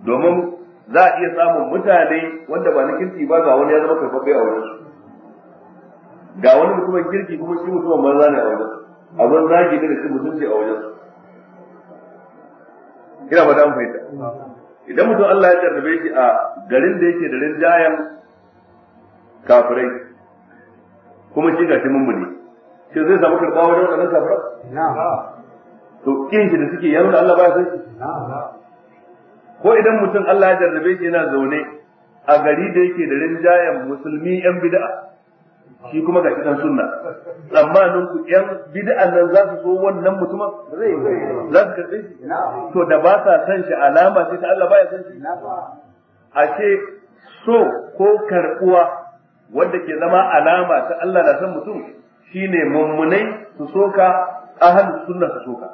domin za a iya samun mutane wanda ba na kirki ba ga wani ya zama karfafe a wajen ga wani mutumin kirki kuma shi mutumin banza ne a wajen abin zagi ne da shi mutunci a wajen su. ina ba an fahimta idan mutum Allah ya jarrabe shi a garin da yake da rinjayen kafirai kuma shi gashi mummuni shi zai samu karɓa wajen wannan kafirai to kin shi da suke yanzu Allah ba ya san ko idan mutum Allah ya jarrabe shi yana zaune a gari da yake da rinjayen musulmi yan bid'a shi kuma ga kidan sunna tsammanin ku yan bid'an nan za su zo wannan mutumin za su karɓe shi to da ba sa san shi alama ce ta Allah baya san shi A ce, so ko karɓuwa wanda ke zama alama ta Allah na san mutum shine mummunai su soka ahlus sunna su soka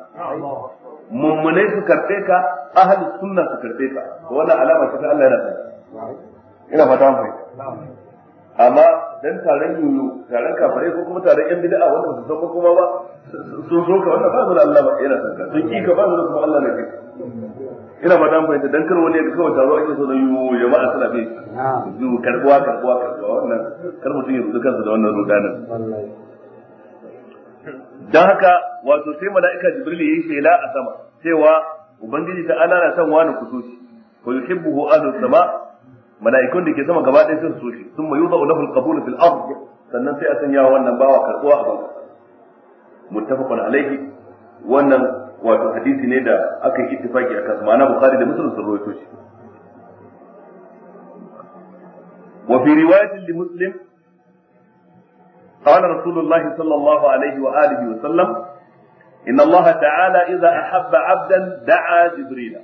mummunai su karɓe ka ahlus sunna su karɓe ka wannan alama ce ta Allah na san ina fata mu amma dan taron yoyo taron kafirai ko kuma taron yan bid'a wanda su san kuma ba sun so ka wanda ba su da Allah ba yana san ka sun yi ka ba su da kuma Allah ne ina ba dan fahimta dan kar wani ya kawo taro ake so da yoyo jama'a suna bi yo karbuwa karbuwa karbuwa wannan kar mutum ya rubuta kansa da wannan rudanin dan haka wato sai mala'ika jibril yayi shela a sama cewa ubangiji ta ala na san wani kusoci ko yuhibbu ahlus sama' mala'ikun da ke sama gaba ɗaya sun so sun mayu ba'u ulahul qabul fil ard sannan sai a sanya wannan bawa karɓuwa a banka muttafaqun alayhi wannan wato hadisi ne da aka yi ittifaki a kansa ma'ana bukhari da muslim sun rawaito shi wa fi riwayatin li muslim قال رسول الله صلى الله عليه وآله وسلم إن الله تعالى إذا أحب عبدا دعا جبريل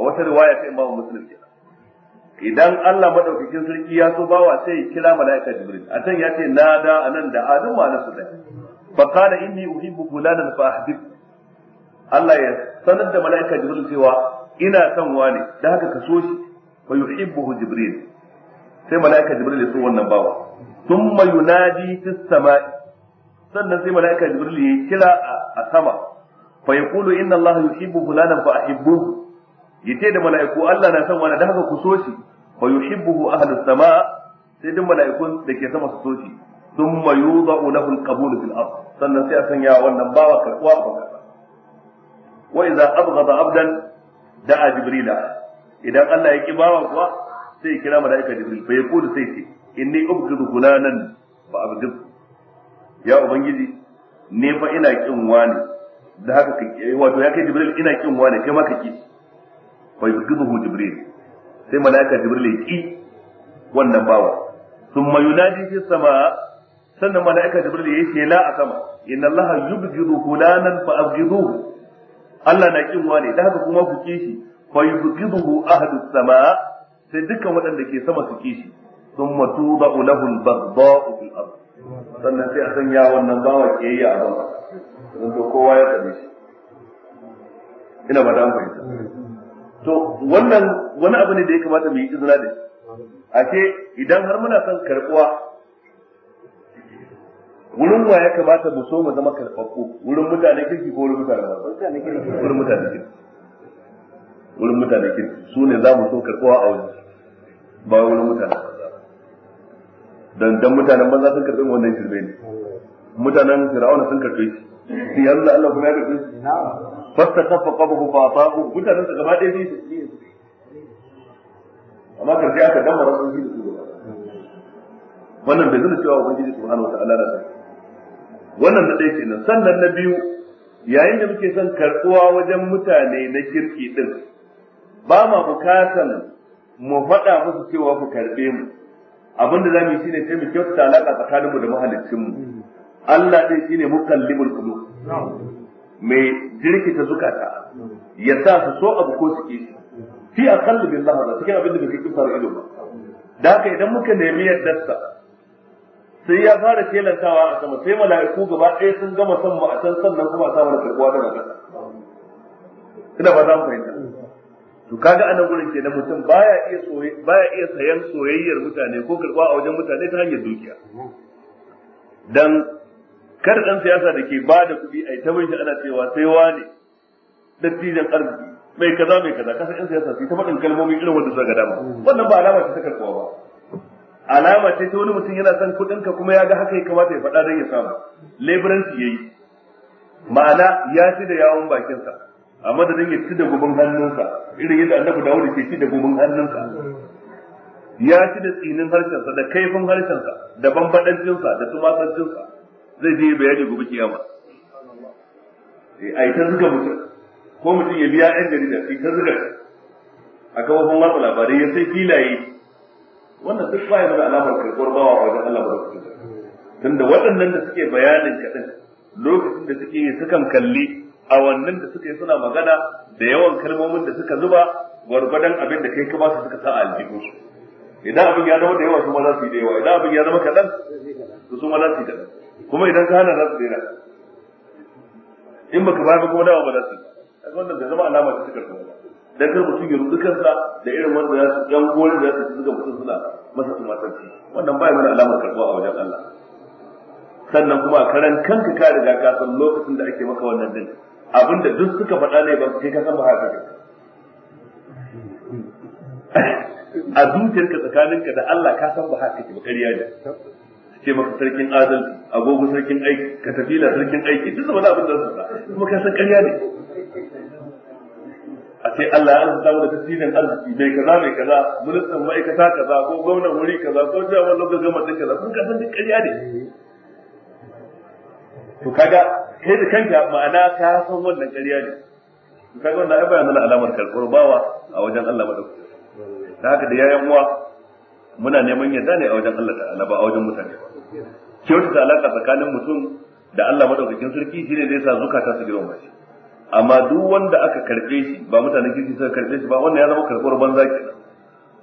ووتر رواية إمام مسلم idan Allah madaukakin sarki ya so bawa sai ya kira mala'ika Jibril a can ya ce da anan da adun ma nasu da fa qala inni uhibbu fulanan fa ahdib Allah ya sanar da mala'ika Jibril cewa ina son wani da haka ka so shi fa yuhibbu Jibril sai mala'ika Jibril ya so wannan bawa thumma yunadi fis sama'i sannan sai mala'ika Jibril ya kira a sama fa yaqulu inna Allah yuhibbu fulanan fa ahibbu yace da mala'iku Allah na son wani da haka ku so shi wa yuhibbuhu ahlus sama sai duk mala'ikun da ke sama su coci. shi thumma yudha'u lahu al-qabul fil sannan sai a sanya wannan bawa karbuwa a kasa wa idza abghada abdan da'a jibrila idan Allah ya ki bawa kuwa sai kira mala'ika jibril fa yaqulu sai ce inni ubghidu fulanan fa ne fa ina kin wani haka wato ya kai jibril ina kin ma ka ki fa sai mala'ika jibril ya ki wannan bawa thumma yunadi fi sama sannan mala'ika jibril ya yi shela a sama inna allaha yubghidu fulanan fa abghiduhu Allah na kin wani da haka kuma ku kishi fa yubghiduhu ahadu sama sai dukkan waɗanda ke sama su kishi thumma tuba lahu al-baghdha'u fil ard sannan sai a sanya wannan bawa ke yi a banka don to kowa ya tsare shi ina ba da an fahimta to wannan wani abu ne da ya kamata mu yi izina da a ke idan har muna son karbuwa wurin wa ya kamata mu so mu zama karɓaɓɓu wurin mutane kirki ko wurin mutane ba wurin mutane kirki wurin mutane kirki su ne za mu so karɓuwa a wurin ba wurin mutane dan dan mutanen banza sun karɓi wannan shirme ne mutanen fir'auna sun karɓe shi ya Allah Allah kuma ya shi fasta kafa qabahu fa mutanen sa gaba ɗaya amma karshe aka da su wannan bai zama cewa ubangiji subhanahu wataala wannan ɗaya sannan na biyu yayin da muke son karɓuwa wajen mutane na kirki din ba ma bukatan mu faɗa musu cewa ku karɓe mu abinda za mu yi shine sai mu kyautata alaƙa tsakaninmu da mahalicinmu Allah din shine mukallimul qulub mai jirkita zukata ya sa su so abu ko suke kishi fi aqall billah da cikin abin da bai kike fara ido ba da haka idan muka nemi sa sai ya fara telantawa a sama sai mala'iku gaba ɗaya sun gama san mu a can sannan kuma sa mana karbuwa daga ƙasa ina ba za mu fahimta to kaga anan gurin na mutum baya iya soye baya iya sayan soyayyar mutane ko karbuwa a wajen mutane ta hanyar dukiya dan kar dan siyasa da ke ba da kuɗi a ta mai ana cewa sai wane dattijan arziki mai kaza mai kaza kasan yan siyasa su ta faɗin kalmomi irin wanda suka ga dama wannan ba alama ce ta karɓuwa ba alama ce ta wani mutum yana son kuɗin ka kuma ya ga haka ya kamata ya faɗa don ya samu leburanci yayi ma'ana ya ci da yawon bakinsa a madadin ya ci da gubin hannunsa irin yadda annabi dawud ke ci da gubin hannunsa ya ci da tsinin harshensa da kaifin harshensa da bambadancinsa da tumatancinsa zai je bayani gobe kiyama eh, a ta zuga mutum ko mutum ya biya yan jarida ita zuga a kafofin watsa labarai ya sai filaye wannan duk ya da alamar karɓar bawa wajen Allah ba tunda waɗannan da suke bayanin kaɗan lokacin da suke yi sukan kalli wannan da suke suna magana da yawan kalmomin da suka zuba gwargwadon abin da kai ka ba su suka sa a su. idan abin ya zama da yawa su ma za su yi da yawa idan abin ya zama kaɗan su ma za su yi kaɗan kuma idan ka hana za su daina in baka ba kuma dawa ba za su yi wannan da zama alama ta cikar ba dan kar mutum ya rubuta kansa da irin wanda za su yan gorin da za su zuga mutum suna masa tumatanci wannan ba mana alamar karbuwa a wajen Allah sannan kuma a karan kanka ka riga ka san lokacin da ake maka wannan din abinda duk suka faɗa ne ba sai ka san ba haka a zuciyarka tsakaninka da Allah ka san ba haka ke ba ƙarya ne ce maka sarkin adal agogo sarkin aiki ka la sarkin aiki duk da wani abin da zaka kuma ka san ƙarya ne a ce Allah ya arzuta da tasirin arziki mai kaza mai kaza ministan ma'aikata kaza ko gwamnan wuri kaza ko jami'an lokacin gama ɗin kaza kuma ka san duk ƙarya ne to kaga kai da kanka ma'ana ka san wannan ƙarya ne to kaga wannan ai bayanan alamar karɓar bawa a wajen Allah madaukakin da haka da yayan uwa muna neman yadda ne a wajen Allah ta'ala ba a wajen mutane ba kyautata alaka tsakanin mutum da Allah madaukakin sarki shine zai sa zukata su girma shi amma duk wanda aka karbe shi ba mutane kirki suka karbe shi ba wannan ya zama karbuwar banza ke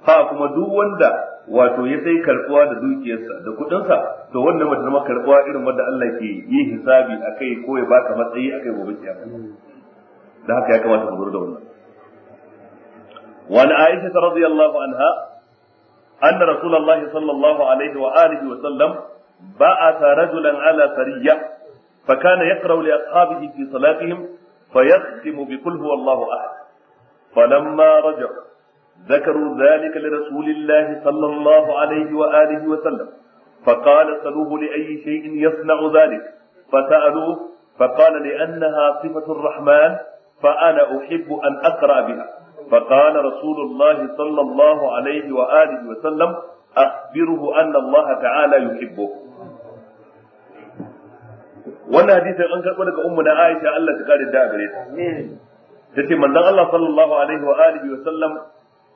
ha kuma duk wanda wato ya sai karbuwa da dukiyarsa da kudinsa to wannan mace zama karbuwa irin wanda Allah ke yi hisabi akai ko ya baka matsayi akai gobe kiyama da haka ya kamata ku lura da wannan وعن عائشة رضي الله عنها أن رسول الله صلى الله عليه وآله وسلم بعث رجلا على سرية فكان يقرأ لأصحابه في صلاتهم فيختم بقل هو الله أحد فلما رجع ذكروا ذلك لرسول الله صلى الله عليه وآله وسلم فقال سلوه لأي شيء يصنع ذلك فسألوه فقال لأنها صفة الرحمن فأنا أحب أن أقرأ بها فقال رسول الله صلى الله عليه وآله وسلم أخبره أن الله تعالى يحبه wannan hadisin an karɓo daga ummu na Aisha Allah ta kare da gare ta tace manzon Allah sallallahu alaihi wa alihi wa sallam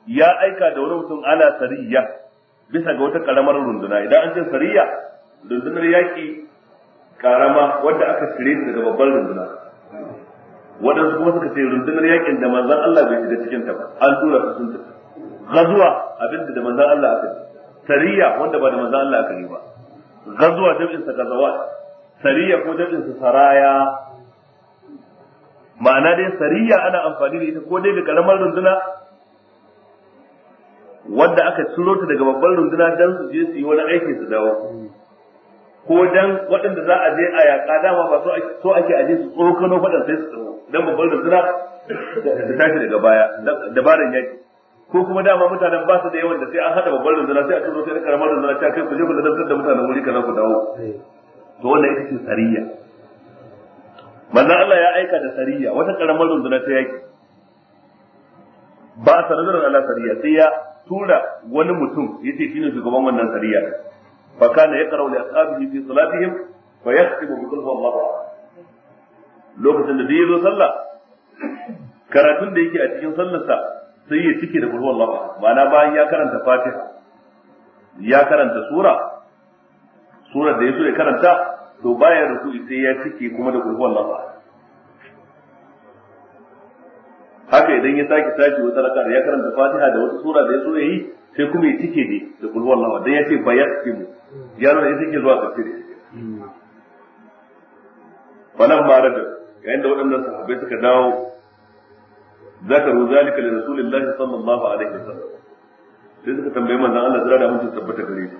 ya aika da wani mutum ala sariya bisa ga wata karamar runduna idan an ce sariya rundunar yaki karama wanda aka shirye daga babban runduna waɗansu kuma suka ce rundunar yakin da manzon Allah bai shiga cikin ta ba an tura su sun tafi gazuwa abinda da manzon Allah aka yi sariya wanda ba da manzon Allah aka yi ba gazuwa jami'in sa gazawat sariya ko dadin su saraya ma'ana dai sariya ana amfani da ita ko dai da karamar runduna wanda aka ciro ta daga babban runduna dan su je su yi wani aiki su dawo ko dan waɗanda za a je a yaƙa dama ba so ake aje su tsokano faɗan sai su tsoro dan babban runduna da tashi daga baya dabaran yaki ko kuma dama mutanen ba su da yawan da sai an haɗa babban runduna sai aka zo sai karamar runduna ta kai ku je ku da mutanen wuri kana ku dawo to wannan ita ce sariya manzon Allah ya aika da sariya wata karamar rundunar ta yaki ba sa nazarin ala sariya sai ya tura wani mutum yace shine shugaban wannan sariya fa kana karau da asabihi fi salatihim fa yaktubu bi qulhu Allah lokacin da dai yazo sallah karatun da yake a cikin sallarsa sai ya cike da qulhu Allah ma'ana bayan ya karanta Fatiha ya karanta sura surar da ya ya karanta to bayan rasu sai ya cike kuma da kulhu Allah ba haka idan ya sake sake wata raka ya karanta Fatiha da wata sura da ya so ya yi sai kuma ya cike ne da kulhu Allah dan ya ce ba ya nuna ita ke zuwa karshe da ita falan ma rada yayin da waɗannan sahabbai suka dawo zakaru zalika li rasulillahi sallallahu alaihi wasallam sai suka tambaye manzon Allah zira da mutum tabbata gare shi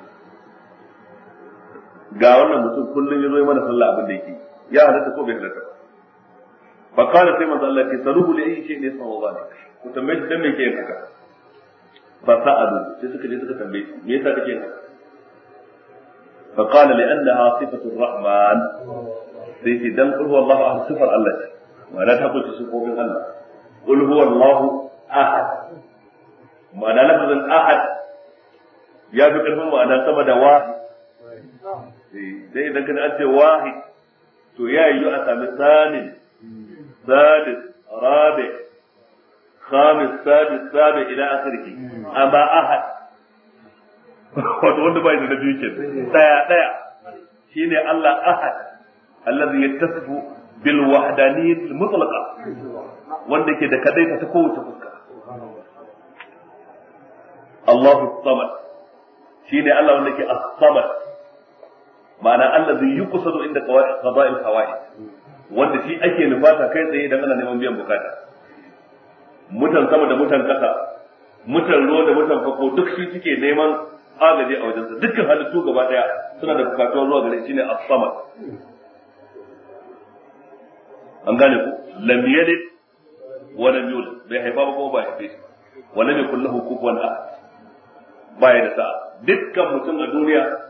ga wannan mutum kullum ya zo mana sallah abin da yake ya halatta ko bai halatta ba fa kana sai manzo Allah ce saluhu li ayyi shay'in yasma'u zalik ku tambaye dan me yake haka fa sa'adu sai suka je suka tambaye me yasa kake haka fa qala li annaha sifatu rahman sai ce dan kulhu Allah a sifar Allah ce ma'ana ta kunshi sifofin Allah qul huwa Allah ahad ma'ana lafazin ahad ya fi karfin ma'ana sama da wa dai idan kana an ce wahi to ya yi a sami sanin sadis rabi khamis sadis sabi ila akhirki amma ahad wato wanda bai da nabi ke daya daya shine Allah ahad allazi yattasifu bil wahdaniyyah al mutlaqa wanda ke da kadaita ta kowace fuska Allahu samad shine Allah wanda ke as-samad ma'ana Allah yi kusa yuqsadu inda kaza'il hawa'i wanda shi ake nufata kai tsaye idan ana neman biyan bukata mutan sama da mutan kasa mutan ruwa da mutan fako duk shi suke neman agaji a wajensa dukkan halittu gaba daya suna da bukatuwa zuwa gare shi ne a sama an gane ku lam yalid wa lam yulad bai haifa ba ko ba haife shi wa lam yakul lahu kufuwan ahad baya da sa'a dukkan mutum a duniya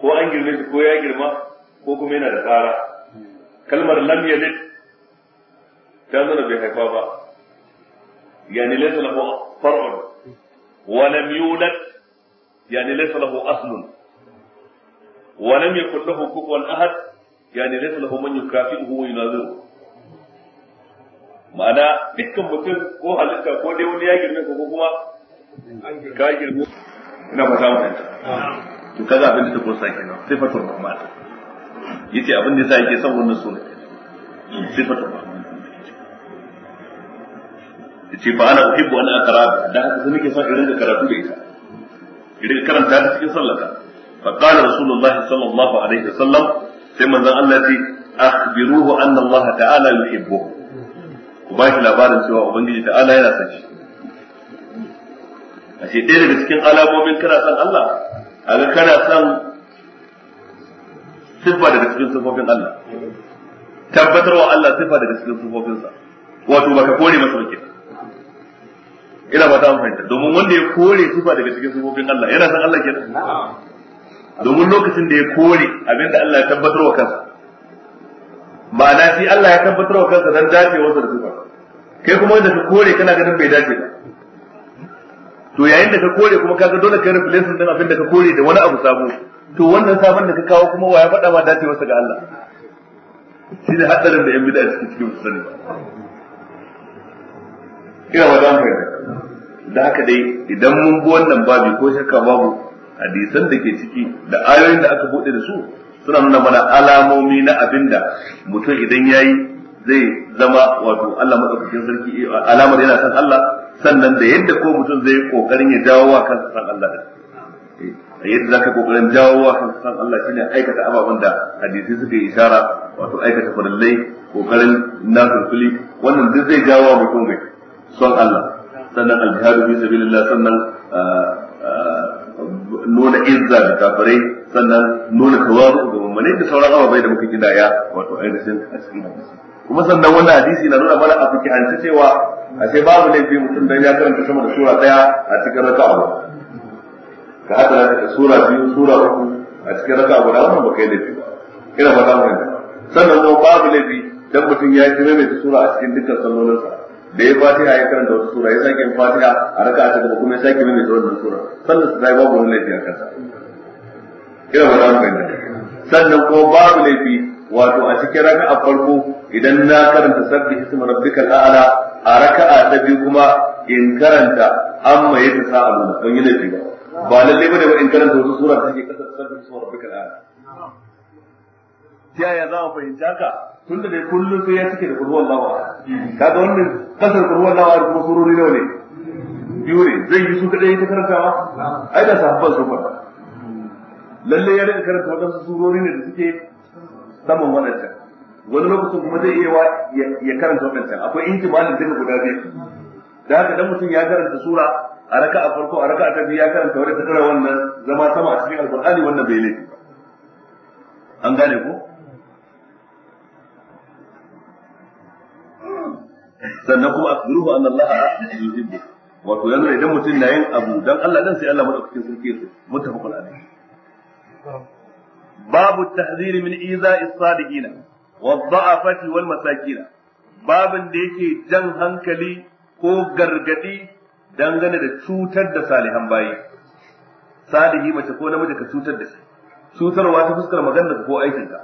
ko an girme shi ko ya girma ko kuma yana da tsara kalmar lam yalid ta zana bai haifa ba yani laysa lahu far'un wa lam yulad yani laysa lahu aslun wa lam yakul lahu kufuwan ahad yani laysa lahu man yukafi'uhu wa yunaziruhu ma'ana dukkan mutum ko halitta ko dai wani ya girme ko kuma ka girme ina fata mutunta to kaga abin da ta kosa kenan sifatul rahman yace abin da yasa yake son wannan suna sifatul rahman yace fa ana uhibbu an aqra da haka sai nake son irin da karatu da ita ka karanta ta cikin sallata fa qala rasulullah sallallahu alaihi wasallam sai manzon Allah ce akhbiruhu anna Allah ta'ala yuhibbu ku ba shi labarin cewa ubangiji ta'ala yana son shi ɗaya daga cikin alamomin kana son Allah a kana san siffa daga cikin siffofin Allah tabbatar wa Allah siffa daga cikin siffofinsa wato baka kore masa bake ina ba ta amfani domin wanda ya kore siffa daga cikin siffofin Allah yana san Allah kenan domin lokacin da ya kore abinda Allah ya tabbatar wa kansa ma'ana shi Allah ya tabbatar wa kansa dan dacewarsa da siffa kai kuma wanda ka kore kana ganin bai dace ba to yayin da ka kore kuma kaga dole kai replacement din abin da ka kore da wani abu sabo to wannan sabon da ka kawo kuma wa ya faɗa ma dacewarsa ga Allah shi ne hadarin da yan bid'a suke cikin su sani ba ina ba dan fayyada da haka dai idan mun bi wannan babi ko shakka babu hadisan da ke ciki da ayoyin da aka bude da su suna nuna mana alamomi na abinda mutum idan yayi zai zama wato Allah madaukakin sarki alamar yana san Allah sannan da yadda ko mutum zai kokarin ya jawo wa kansa san Allah da eh, a yadda zaka kokarin jawo wa kansa san Allah shine aikata ababen da hadisi suka yi isara wato aikata farillai kokarin nafilfili wannan duk zai jawo wa mutum mai son Allah sannan aljihadu fi sabilillah sannan ah, ah, nuna izza da kafirai sannan nuna tawazu ga mummune da sauran ababai da muka kidaya wato ainihin a cikin hadisi kuma sannan wannan hadisi na nuna mana a hanci cewa ashe babu laifi mutum dan ya karanta sama da sura daya a cikin raka abu. ka hada da sura biyu sura uku a cikin raka abu da wannan baka yi laifi ba ina ba zamu yanzu sannan kuma babu laifi dan mutum ya yi mai sura a cikin dukkan sallolinsa da ya fatiha ya karanta wata sura ya sake fatiha a raka ta gaba kuma ya sake mai wannan sura sannan sai babu wani laifi a kansa ina ba zamu yanzu sannan kuma babu laifi wato a cikin raka'a farko idan na karanta sabbi ismi rabbikal a'la a raka'a ta biyu kuma in karanta amma sa a nuna don yana laifi ba lalle bane ba in karanta wasu sura take kasar sabbi ismi rabbikal a'la ta yaya za mu fahimta haka tun da dai kullum sai ya cike da kurwan lawa kaga wannan kasar kurwan lawa da kuma surori nawa ne biyu ne zai yi su kadai ta karanta wa? ai da sahabban su fara lalle ya rika karanta wadansu surori ne da suke saman wadancan wani lokacin kuma zai iya ya karanta wadancan akwai injimalin duka guda biyu da haka dan mutum ya karanta sura a raka a farko a raka a tafi ya karanta wadda ta tsara wannan zama sama a cikin alƙur'ani wannan bai ne ba an gane ko sannan kuma an anna a yuhibbu wato yanzu idan mutum na yin abu dan Allah dan sai Allah madaukakin sarki ya alaihi babu tahzir min iza as-sadiqina wad-da'afati wal babin da yake jan hankali ko gargadi dangane da cutar da salihan bayi salihi mace ko namiji ka cutar da shi cutarwa ta fuskar magana ko aikinka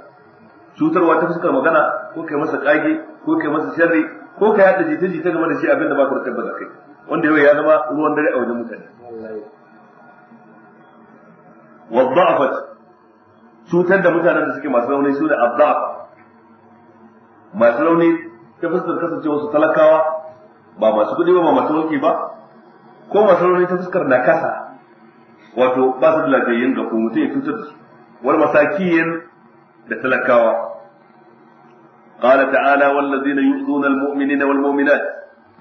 cutarwa ta fuskar magana ko kai masa kage ko kai masa sharri ko kai hada jita jita game da shi abin da ba ka tabbata kai wanda yau ya zama ruwan dare a wajen mutane wadda'afat cutar da mutanen da suke masu rauni su ne abdaf masu rauni ta fuskar kasancewa su talakawa ba masu kuɗi ba ba masu wanki ba ko masu rauni ta fuskar na kasa wato ba su da lafiyayyen ga ko mutum ya cutar da su wal masakiyin da talakawa قال تعالى والذين يؤذون المؤمنين والمؤمنات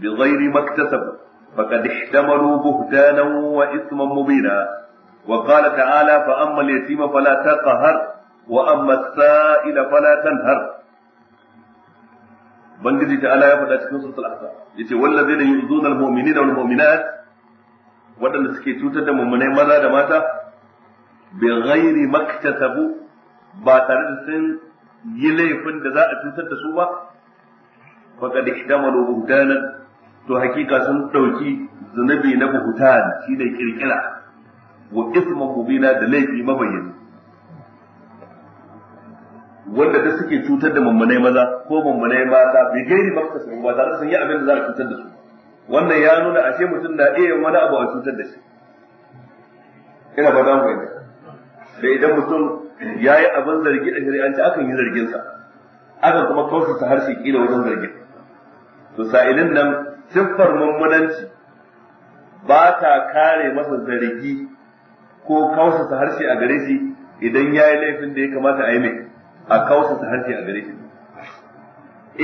بغير ما اكتسبوا فقد احتملوا بهتانا وإثما مبينا وقال تعالى فأما اليتيم فلا تقهر وأما السائل فلا تنهر بنجي تعالى يا فدا cikin suratul ahzab yace wallazina yu'zuna al-mu'minina wal mu'minat wadanda suke cutar da mu'minai maza da mata bi ghairi maktasabu ba tare da sun yi laifin da za a cutar da su ba faqad ihtamalu to hakika sun ɗauki zunubi na buhtan shine wa isman mubina da laifi mabayyin wanda da suke cutar da mummunai maza ko mummunai mata bai gairi su ba tare sun yi abin da za a cutar da su wannan ya nuna ashe mutum na iya wani abu a cutar da shi ina ba za mu yi da idan mutum ya yi abin zargi a shari'anci akan yi zarginsa akan kuma su harshe kila wajen zargin to sa'ilin nan siffar mummunanci ba ta kare masa zargi ko kausasa harshe a gare shi idan ya yi laifin da ya kamata a yi mai a kausasa harshe a gare shi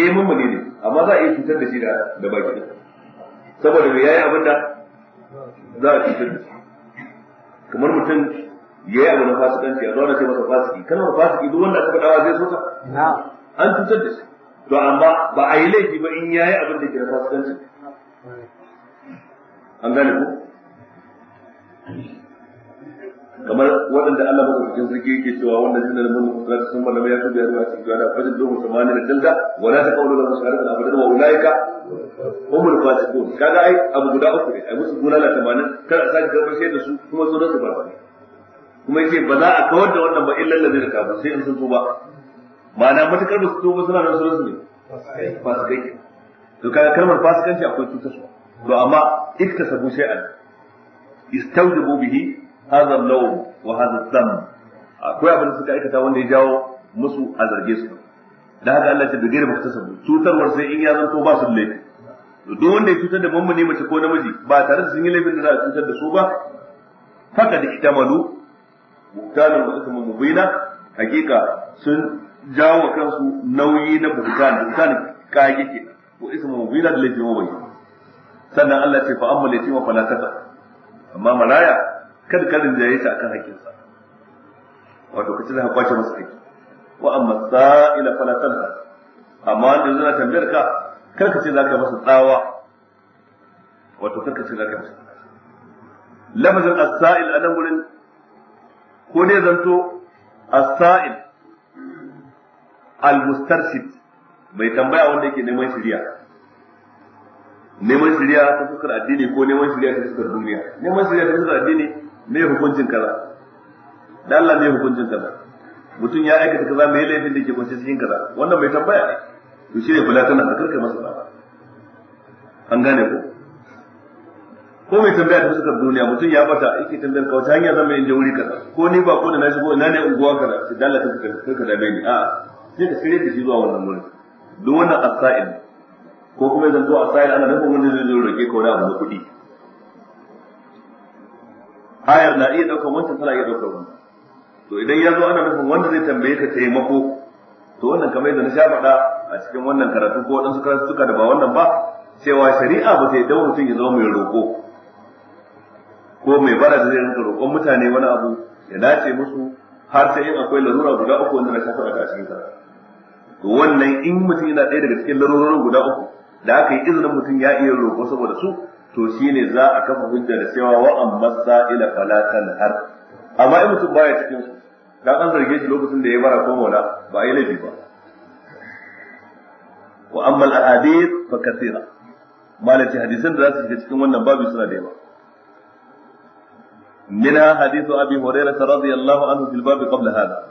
eh mu ne amma za a iya cutar da shi da baki saboda me yayi abinda za a cutar da shi kamar mutum ya yi abu na fasikanci a zauna sai masa fasiki kalmar fasiki duk wanda aka faɗawa zai sosa an cutar da shi to amma ba a yi laifi ba in yayi abin da ke na fasikanci an gane ko kamar waɗanda Allah ba cikin sarki yake cewa wanda jin da mun da sun ba ya tabbata ruwa cikin gada fajin do musamman da dalda wala ta qawlu lahu shahada al abadan wa ulaika humul fasiqun kaga ai abu guda uku ne ai musu bulala 80 kar a sake karbar da su kuma zo su ba kuma yake ba za a kawar da wannan ba illa ladina kafir sai in sun tuba ma'ana matakar ba su tuba suna nan sunan su ne fasikai to kaga kalmar fasikanci akwai su. to amma iktasabu shay'an istawjabu bihi hadha al-lawm wa hadha akwai abin da suka aikata wanda ya jawo musu a zarge su da haka Allah ya ce da gairi muktasabu cutarwar sai in ya zanto ba su da laifi duk wanda ya cutar da mummuni mace ko namiji ba tare da sun yi laifin da za a cutar da su ba faka da ita itamalu muktalan wa ismun mubina hakika sun jawo kansu nauyi na buhtan buhtan kage ke wa ismun mubina da laifin mabayi sannan Allah ya ce fa amma laifin wa fala tata amma malaya kada ka rinjaye shi akan hakinsa. wato ka ce za musu kwace masa wa amma sa'ila fala tanha amma wanda zuwa na tambayar ka kar ka ce za ka masa tsawa wato kar ka ce za ka masa lafazin as-sa'il a nan wurin ko ne zanto as-sa'il al-mustarshid mai tambaya wanda yake neman shiriya neman shiriya ta fuskar addini ko neman shiriya ta fuskar duniya neman shiriya ta fuskar addini me hukuncin kaza da Allah me hukuncin kaza mutum ya aikata kaza me laifin da ke kunce cikin kaza wannan mai tambaya ne to shi ne bala tana karka masa ba an gane ko ko mai tambaya ta suka duniya mutum ya bata yake tambayar ka wata hanya zama inda wuri kaza ko ni ba ko da na shigo ina ne unguwa kaza sai Allah ta fuskar kai ka ni a'a sai ka shirye da shi zuwa wannan wurin duk wannan asa'il ko kuma zan zo asa'il ana nufin wanda zai zo roke ka wani abu na kuɗi ayar na iya daukar wancan tana iya daukar wancan to idan ya zo ana nufin wanda zai tambaye ka taimako to wannan kamar yadda na sha faɗa a cikin wannan karatu ko waɗansu karatuka da ba wannan ba cewa shari'a ba ta yi dawo mutum ya zama mai roƙo ko mai bara da zai rinka roƙon mutane wani abu ya dace musu har sai in akwai larura guda uku wanda na sha faɗa a cikin karatu to wannan in mutum yana ɗaya daga cikin larurorin guda uku da aka yi izinin mutum ya iya roƙo saboda su to shi ne za a kafa hujja da cewa wa masa ila fala tanhar amma in mutum baya cikin su dan an zarge shi lokacin da ya bara ko mola ba yi laifi ba wa amma al ahadith fa kathira malaci hadisan da za su shiga cikin wannan babu suna da yawa منها حديث أبي هريرة رضي الله عنه في الباب قبل هذا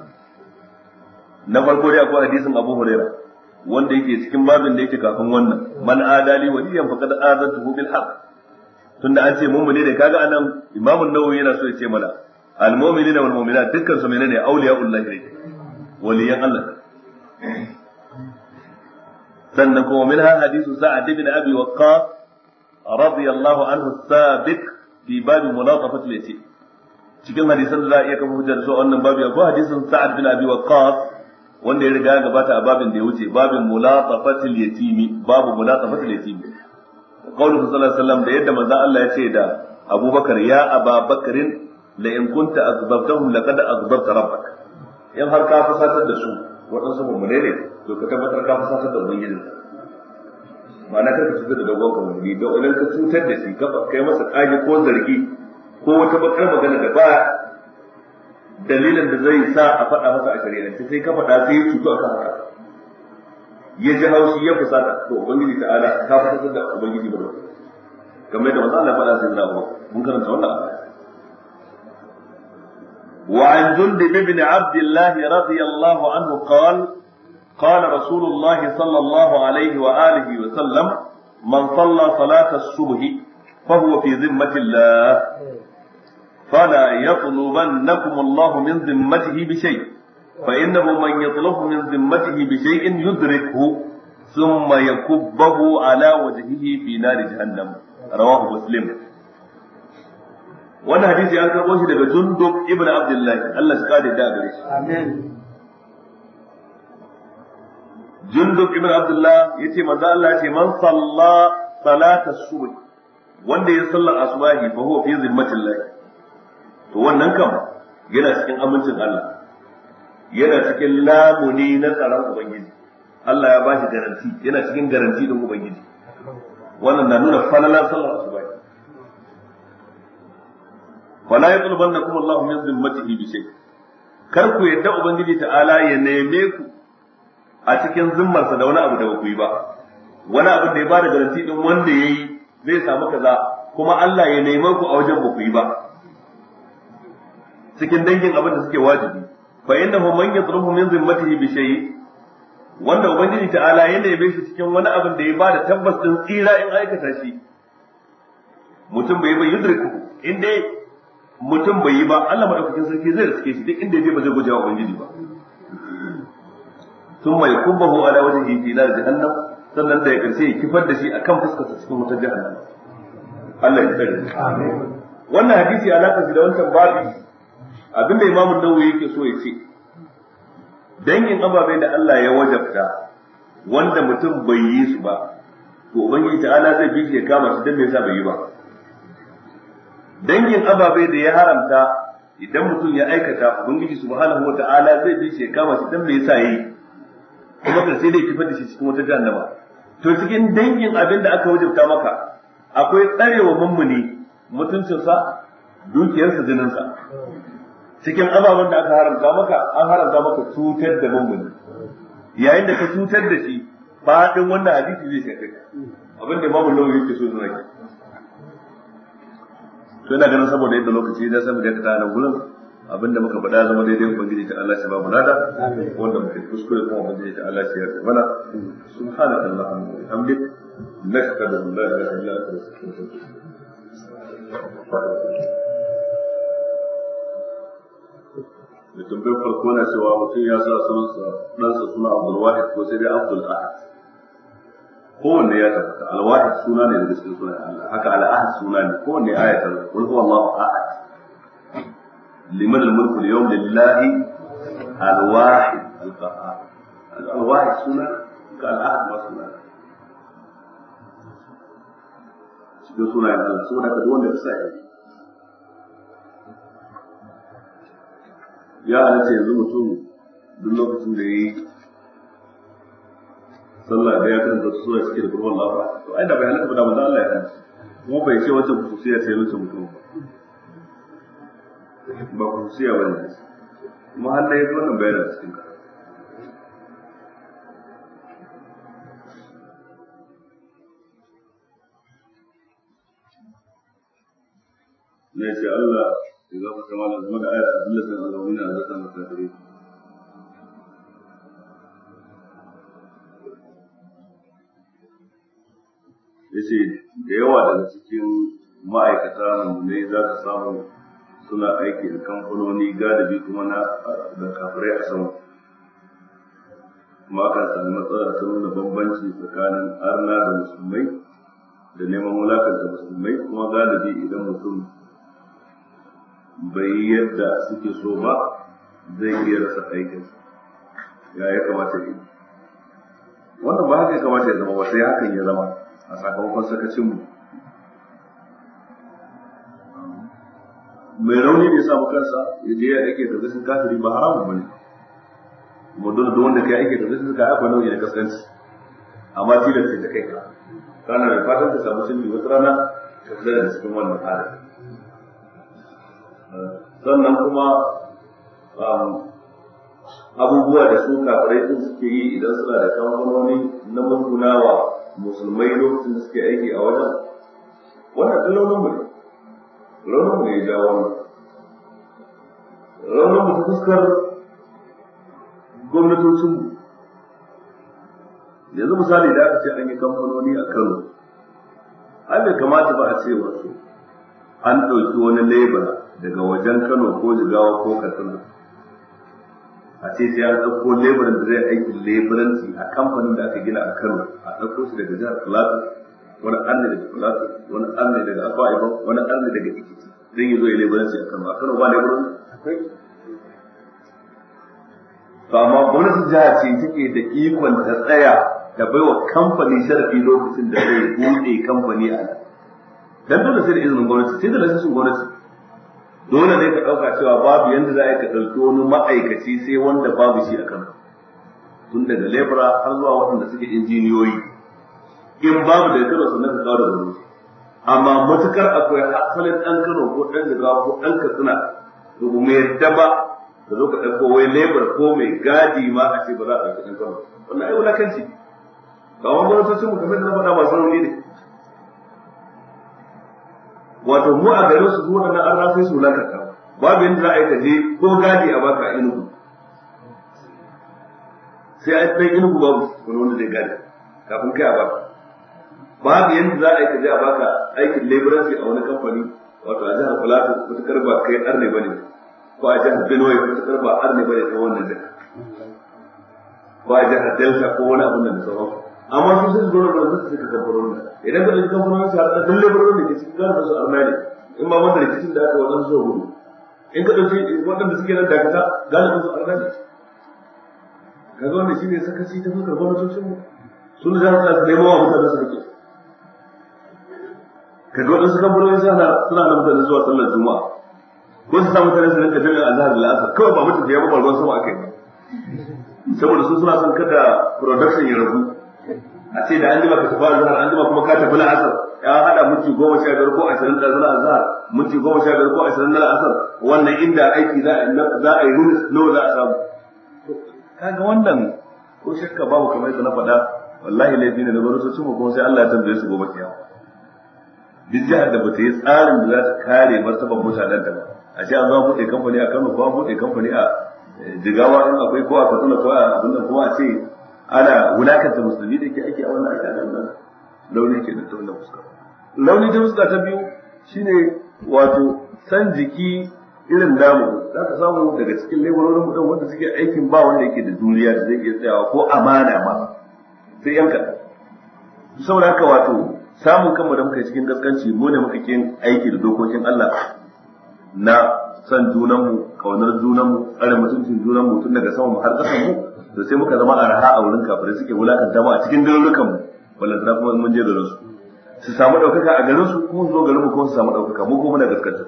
نفر كوريا أبو حديث أبو هريرة wanda yake cikin babin da yake kafin wannan man adali waliyan faqad azantuhu bil haqq tunda an ce mu'mini ne kaga anan imamu nawawi yana so ya ce mana al mu'minina wal mu'minat dukkan su menene awliya'ullah ne waliyan Allah sannan kuma min ha hadisu sa'ad ibn abi waqqa radiyallahu anhu sabiq fi bab mulatafat al cikin hadisan da za a iya kafa hujjar su a wannan babu akwai hadisin sa'ad bin abi waqqas wanda ya riga gabata a babin da ya wuce babin mulatafatil yatimi babu mulatafatil yatimi qawluhu sallallahu alaihi wasallam da yadda manzo Allah ya ce da Abubakar ya Aba Bakarin la in kunta azbabtahum laqad azbabta rabbak in har ka fasatar da su waɗansu mu ne to ka tabbatar ka fasatar da ubangijin ma'ana kar ka cutar da dogon kamuni da idan ka cutar da shi kai masa kaji ko zargi ko wata bakar magana da ba dalilin da zai sa a faɗa masa a shari'ance sai ka faɗa sai ya cutu akan haka ya ji haushi ya fusata to ubangiji ala ka fusatar da ubangiji barwa kamar da manzo faɗa sai zama mun karanta wannan aya وعن جندب بن عبد الله رضي الله عنه قال رسول الله صلى الله عليه وآله وسلم من صلى صلاة الصبح فهو في ذمة الله فلا يطلبنكم الله من ذمته بشيء فإنه من يطلب من ذمته بشيء يدركه ثم يكبه على وجهه في نار جهنم رواه مسلم wannan hadisi an karɓo shi daga jundub ibn abdullahi Allah shi kare da gare shi amin jundub ibn abdullah yace manzo Allah yace man salla salata subh wanda ya sallar asbahi fa to wannan kam yana cikin amincin Allah yana cikin lamuni na tsaron ubangiji Allah ya bashi garanti yana cikin garanti din ubangiji wannan na nuna falala sallar asuba wala yatlubannakum Allahu min zimmatihi bi shay kar ku yadda ubangiji ta'ala ya neme ku a cikin zimmarsa da wani abu da ba ku yi ba wani abu da ya bada garanti din wanda yayi zai samu kaza kuma Allah ya neme ku a wajen ba ku yi ba cikin dangin abin da suke wajibi fa innahu man yatruhu min zimmatihi bi shay wanda ubangiji ta'ala ya yabe shi cikin wani abin da ya ba da tabbas din tsira in aikata shi mutum bai bai yudriku in dai mutum bai yi ba Allah madaukakin sarki zai riske shi duk inda ya je ba zai guje wa ubangiji ba thumma yakubahu ala wajhihi fi nar jahannam sannan da ya karshe ya kifar da shi akan fuskarsa cikin wutar jahannam Allah ya tsare amin wannan hadisi alaka da wannan babu abinda imamu nawawi yake so ya ce dangin ababai da Allah ya wajabta wanda mutum bai yi su ba to ubangiji ta'ala zai bi shi ya kama su dan me yasa bai yi ba dangin ababai da ya haramta idan mutum ya aikata ubangiji subhanahu wa ta'ala zai bi shi ya kama su dan me yasa yi kuma ka sai dai kifar da shi cikin wata jahannama to cikin dangin abin da aka wajabta maka akwai tsarewa mummuni mutuncinsa dukiyarsa jininsa cikin ababen da aka haramta maka an haramta maka cutar da mummuni yayin da ka cutar da shi faɗin wannan hadisi zai shafe ka abinda mamun lauyi ke so zuwa ki to ina ganin saboda yadda lokaci da samu da ta nan gurin abinda muka faɗa zama daidai ubangiji ta Allah shi ba mu nada wanda muke kuskure kuma ubangiji ta Allah shi ya yarda mana subhanallahi wa bihamdihi nashhadu an la ilaha illa anta astaghfiruka wa atubu da tambayar farko na cewa mutum ya sa sunansa ɗansa suna abdulwahid ko sai dai abdul ahad kowanne ya tabbata alwahid suna ne daga cikin sunan Allah haka al-ahad suna ne kowanne aya ta qul huwallahu ahad liman al-mulku al-yawm lillahi al-wahid al-qahhar al-wahid suna ka al-ahad ma suna cikin sunayen Allah saboda ka duk wanda ka sa ya ya halatta yanzu mutum duk lokacin da ya yi sallah da ya kanta su suna cikin gurbin lafa to ai da bai halatta ba da Allah ya hana kuma bai ce wata kusiya sai wata mutum ba ba kusiya bane kuma har da ya wannan bayanin cikin ka ne sai Allah إذا قلت ما لازم الآية أدلة الأولين أدلة المكافرين yace da yawa daga cikin ma'aikata mummunai za ka samu suna aiki a kamfanoni galibi kuma na da kafirai a sama kuma akan sami matsala ta nuna bambanci tsakanin arna da musulmai da neman wulakanta musulmai kuma galibi idan mutum bai yadda suke so ba zai iya rasa aikin, ya ya kamata ne wannan ba haka ya kamata ya zama ba sai hakan ya zama a sakamakon sakacinmu mai rauni ne samu kansa ya je ya aike karkashin kafiri ba haramun bane kuma dole duk wanda kai aike karkashin ka akwai nauyi na kaskanci amma tilasta ta kai ka kana da fatan ka samu yi wata rana ka zara da cikin wannan halin sannan kuma um, abubuwa da su kafirai din suke yi idan suna da kamfanoni na mungunawa musulmai lokacin da suke aiki a wajen wannan duk launin ne launin mu ne ya jawo wannan launin mu fuskar gwamnatocin gwamnatocinmu yanzu misali da aka ce an yi kamfanoni a kano an da kamata ba a ce wasu an ɗauki wani lebura daga wajen Kano ko Jigawa ko Katsina a ce sai an ɗauko leburan da zai aikin leburanci a kamfanin da aka gina a Kano a ɗauko shi daga jihar Plateau wani arne daga Plateau wani arne daga Akwa Ibom wani arne daga Ikiti zai yi zo ya leburanci a Kano a Kano ba leburanci akwai to amma gwamnatin jihar ce take da ikon ta tsaya ta bai wa kamfani sharafi lokacin da zai buɗe kamfani a nan dan dole sai da izinin gwamnati sai da lasisin gwamnati dole ne ka ɗauka cewa babu yanda za a ka dauki wani ma'aikaci sai wanda babu shi a kan tun daga lebura har zuwa waɗanda suke injiniyoyi in babu daga kano sannan ka kawo da wani amma matukar akwai asalin ɗan kano ko ɗan jigawa ko ɗan katsina to mai daba, da zo ka ɗauko wai lebura ko mai gadi ma a ce ba za a ɗauki ɗan kano wannan ai wulakanci ba wani gwamnatocin mu mutumin da na faɗa masu rauni ne wato mu a garin su zuwa na arna sai su lakata babu yadda za a yi ka je ko gadi a baka inugu sai a ɗan inugu babu wani wanda zai gadi kafin kai a baka babu yadda za a yi ka je a baka aikin laboransi a wani kamfani wato a jihar plateau wata karba kai arne ba ne ko a jihar benue wata karba arne ba ne ta wannan jihar ko a jihar delta ko wani abin da sauransu amma su sun zo da su suka kamfanoni idan ka ɗauki kamfanoni su da dalle labarorin da ke cikin gane su armani in ba wanda rikicin da aka wajen zuwa gudu in ka ɗauki waɗanda suke nan dakata gane su arna ne kaga wanda shine shi ta fuskar gwamnatocin mu sun da za su nemo wa mutane su rike kaga waɗansu kamfanoni suna suna nan mutane zuwa sallar juma'a ko su samu tare su rinka jami'a azhar da lasa kawai ba mutum da ya ba ruwan sama akai saboda sun suna son kada production ya rabu a ce da an jima ka tafi azhar an jima kuma ka tafi la'asar ya hada minti goma sha biyar ko ashirin da zuwa azhar minti goma sha biyar ko ashirin da la'asar wannan inda aiki za a yi rulis nawa za a samu kaga wannan ko shakka babu kamar yadda na faɗa wallahi laifi ne na gwamnatocin mu kuma sai Allah ya tambaye su gobe kiyama duk jihar da bata yi tsarin da za ta kare martaban mutanen ta ba a ce an zama buɗe kamfani a Kano ko an buɗe kamfani a eh, Jigawa in akwai ko a Katsina ko a abin nan kuma a ce ana wulakanta musulmi da ke ake a wannan ake da wannan launi ke da taunar fuska launi ta fuska ta biyu shine wato san jiki irin namu za ka samu daga cikin laborin mu wanda suke aikin ba wanda yake da juriya da zai iya tsayawa ko amana ma sai yanka saboda haka wato samun kanmu da muka cikin gaskanci mu ne muka kin aiki da dokokin Allah na san junanmu kaunar junanmu tsare mutuncin junanmu tun daga sama har ƙasan mu to sai muka zama araha a wurin kafirai suke wulakanta mu a cikin garurukan mu na kuma mun je garin su su samu ɗaukaka a garin su kuma zo garin mu kuma su samu ɗaukaka mu kuma muna gaskata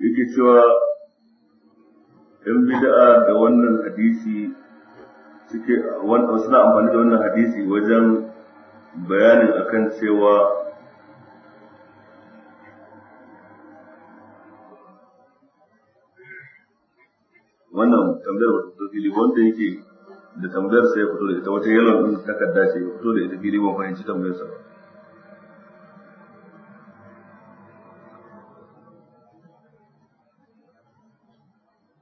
yake cewa yan bid'a da wannan hadisi suke suna amfani da wannan hadisi wajen bayanin akan cewa wannan tambayar wata fito fili wanda yake da tambayar sai ya fito da ita wata yalon ɗin takarda ce ya fito da ita fili ban fahimci tambayar sa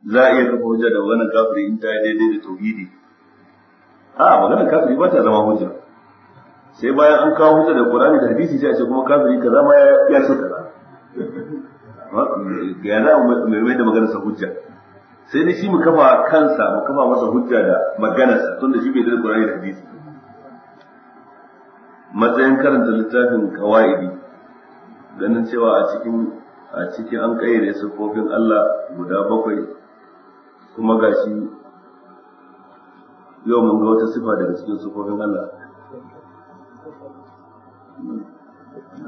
za a iya kafa hujja da wannan kafiri in ta daidai da tauhidi a maganar kafiri ba ta zama hujja sai bayan an kawo hujja da Qur'ani da hadisi sai a ce kuma kafiri kaza ma ya ce kaza ga yana mai mai da maganar sa hujja sai dai shi mu kafa kansa mu kafa masa hujja da tun tunda shi bai da Qur'ani da hadisi matsayin karanta littafin kawaidi ganin cewa a cikin a cikin an kayyade siffofin Allah guda bakwai kuma gashi yau mun ga wata sifa daga cikin siffofin Allah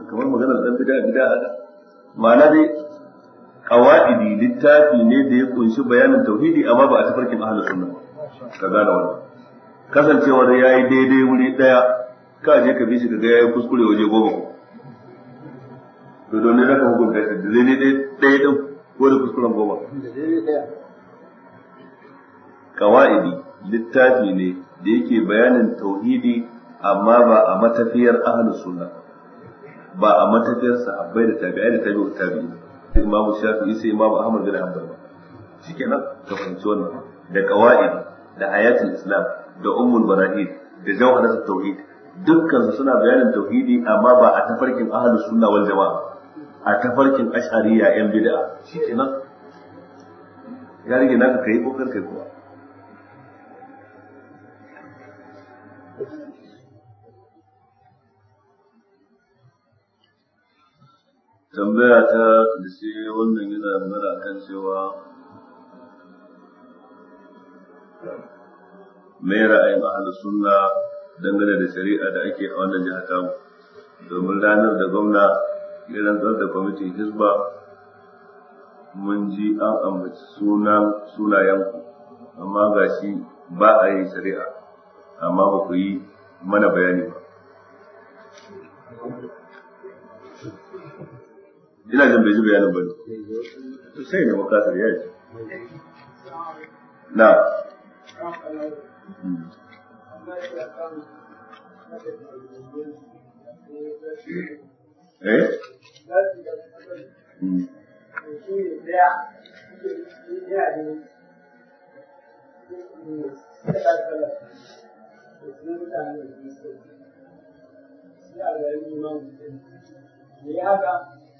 kamar magana dan bida bida haka ma'ana dai qawaidi littafi ne da ya kunshi bayanin tauhidi amma ba a tafarkin ahlus sunna ka gane wannan kasancewar yayi daidai wuri daya ka je ka bi shi ka ga yayi kuskure waje goma to don ne zaka hukunta shi da ne daya din ko da kuskuren goma qawaidi littafi ne da yake bayanin tauhidi amma ba a matafiyar ahalus sunna ba a matafiyar sahabbai da tabi'ai da tabi'u tabi'i imam shafi'i sai imam ahmad bin hanbal shikenan ka fahimci wannan da qawaid da ayatul islam da ummul bara'id da jawharat tauhid dukkan suna bayanin tauhidi amma ba a tafarkin ahalus sunna wal jama'a a tafarkin ash'ariya yan bid'a shikenan ya rige naka kai ko kai kuwa. tambaya ta ƙarshe wannan yana magana kan cewa mai ra'ayin ahalus suna dangane da shari'a da ake a wannan jihar mu, domin ranar da gwamna ya rantsar da kwamitin hisba mun ji an ambaci suna yanku, amma ga shi ba a yi shari'a amma ba ku yi mana bayani ba ina jin bai ji bayanin ba to sai ne makasar ya ji na eh Ya hmm. ga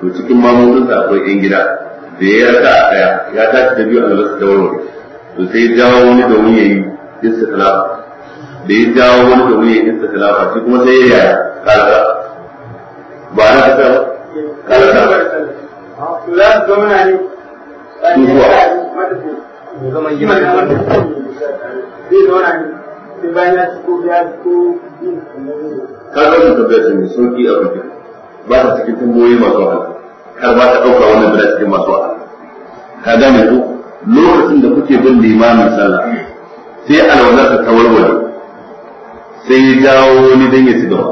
to cikin mamutun sa akwai yan gida da ya sa a daya ya tashi da biyu lalata da warware to sai ya jawo wani domin ya yi istikhlafa da ya jawo wani domin ya yi istikhlafa shi kuma sai ya yaya kalata ba na kasa ba kalata kalata Ba tabbata mai sauki a bakin. ba ta cikin tumboyi masu wahala har ba ta ɗauka wannan bida cikin masu wahala ka gane ku lokacin da kuke bin limamin sallah sai alwalarsa ta warware sai ya jawo wani don ya ci gaba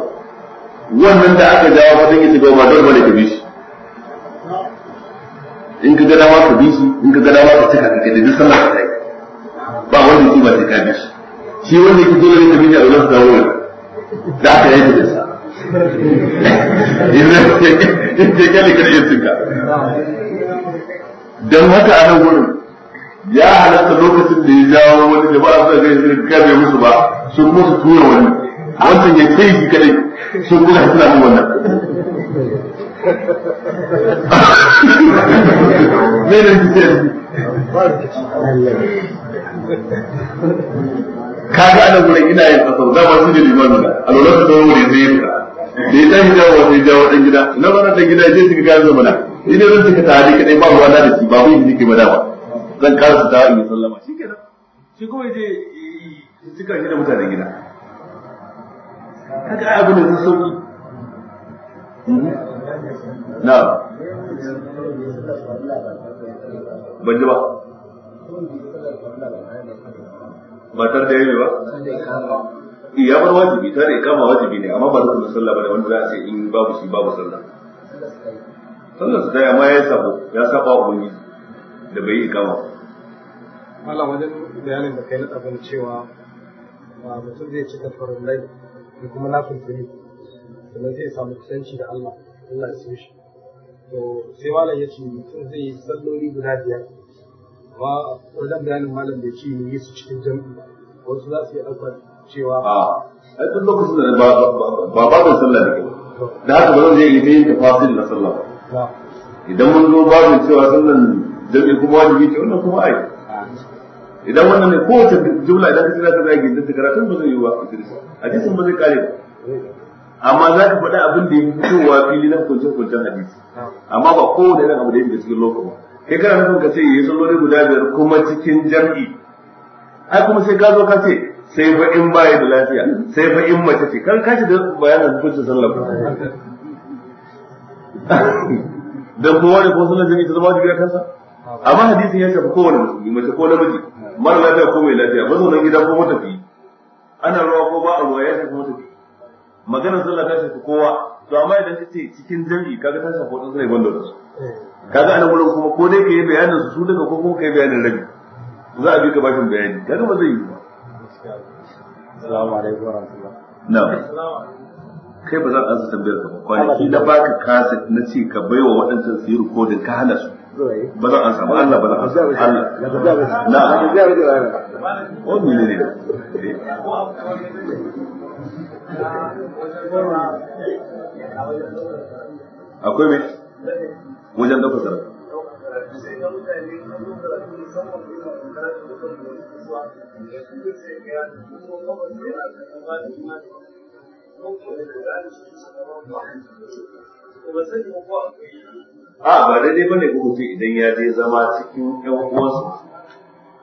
wannan da aka jawo ba don ya ci gaba ba don bane ka bi shi in ka ga dama ka bi shi in ka ga dama ka cika ka kai da sallah ka kai ba wanda ya ci ba sai ka bi shi shi wanda yake dole ne ka bi shi alwalarsa ta warware da aka yanke da sa in ce kyale kan iya cinka don haka a nan gurin ya halatta lokacin da ya jawo wani da ba a sa zai zai kame musu ba sun kuma su tura wani wancan ya kai shi kadai sun kuma suna min wannan me ne su ce kaga ana gurin ina yin kasar dama su ne limanin da a lura da tsawon wuri zai yi da ya tashi jawo sai jawo dan gida na zana ɗan gida je shi ga zama na idan zan cika tare kadai ba ruwa da shi ba bai shi ke madawa zan karasa ta in sallama shikenan shi kuma je cika shi da mutanen gida kaga ai abin da zai sauki mhm. na ban ji ba ba tare da yayi ba ya bar wajibi ta da kama wajibi ne amma ba rukun sallah bane wanda za a ce in babu shi babu sallah sallah su taya ma ya sabo ya saba wa ubangiji da bai yi kama Allah wajen bayanin da kai na tsabon cewa mutum zai cika farillai da kuma na fulfuli sannan zai samu kusanci da Allah Allah ya so shi to sai wala ya ce mutum zai yi salloli guda biyar amma wajen bayanin malam ya ce yi su cikin jam'i wasu za su yi ɗaukar cewa a duk lokacin da ba ba ba sallah ne da haka ba zan je ta yi tafasil na sallah idan mun zo babin cewa sallan jami'i kuma wajibi ce wannan kuma ai idan wannan ne kowace jumla idan kace zaka zage da karatun ba zai yi ba Idrisa hadisin ba zai kare ba amma za ka faɗi abin da ya fi fitowa fili na hukuncin hukuncin hadisi amma ba kowane irin abu da yake cikin lokaci ba kai kana nufin ka ce yi salloli guda biyar kuma cikin jam'i ai kuma sai ka zo ka ce sai fa in baya da lafiya sai fa in mace ce kan kashi da bayanin hukuncin sallah ba dan kowa da kuma Sallah jini ta zama wajibi a kansa amma hadisin ya shafi kowane musulmi mace ko namiji mara lafiya ko mai lafiya zuwa gida ko matafi ana rawa ko ba a ruwa ya shafi matafi maganar sallah ta shafi kowa to amma idan ta ce cikin jami'i kaga ta shafi wadansu ne banda su kaga ana wurin kuma ko dai ka yi bayanin su daga ko kuma ka yi bayanin rabi za a bi ka bashin bayani kaga ba zai yi ba kai ba za a ansa tambayar ka ba kwanaki na baka kasa na ce ka baiwa waɗancan su yi rikodin ka hana su ba zan ansa ba Allah ba zan ansa Allah na mene ne akwai wajen dafa sarrafa a ba daidai bane ko mutum idan ya je zama cikin yan uwansa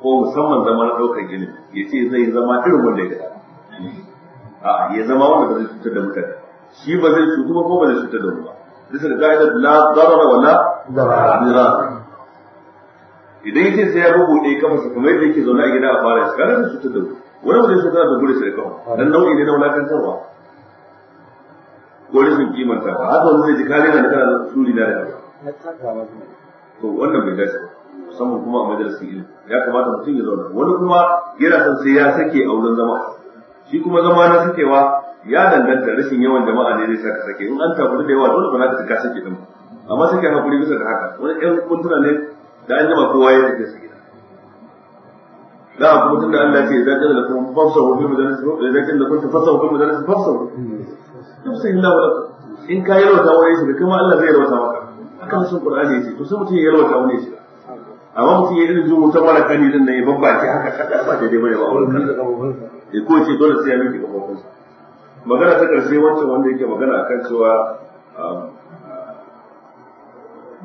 ko musamman zama na ɗaukar ilimi ya ce zai zama irin wanda ya a ya zama wanda ba zai cutar da mutane shi ba zai cutu ba ko ba zai cutar da mu ba bisa ga ga'idar la zarara wala zarara idan yake sai ya rubuɗe kafarsa kamar yadda yake zaune a gida a fara shi kaga zai cutar da mu wani wani sai tana da gure shi da kawo dan nau'i ne na wulakantarwa sun rashin ta. ka haka wani zai ji kare na da kana suri na da to wannan bai dace musamman kuma a majalisin ilimi ya kamata mutum ya zauna wani kuma yana son sai ya sake a wurin zama shi kuma zama na sakewa ya danganta rashin yawan jama'a ne zai saka sake in an tafi da yawa dole ba za ka saka sake din amma sake hakuri bisa da haka wani ɗan kuntuna ne da an jima kowa ya tafi su da a kuma tunda Allah ce idan kana da kuma fafsa hufi majalisi fafsa idan kana da kuma fafsa hufi majalisi fafsa tafsa illa wala in ka yi rawata yalwata wani shiga kuma Allah zai yalwata maka akan sun Qur'ani yace to sai mutum ya rawata yalwata wani shiga amma mutum ya irin mu ta mara kani din nan ya babbace haka kada ba daidai bane ba wurin kan da ko ce dole sai ya miki gaban magana ta karshe wancan wanda yake magana akan cewa um,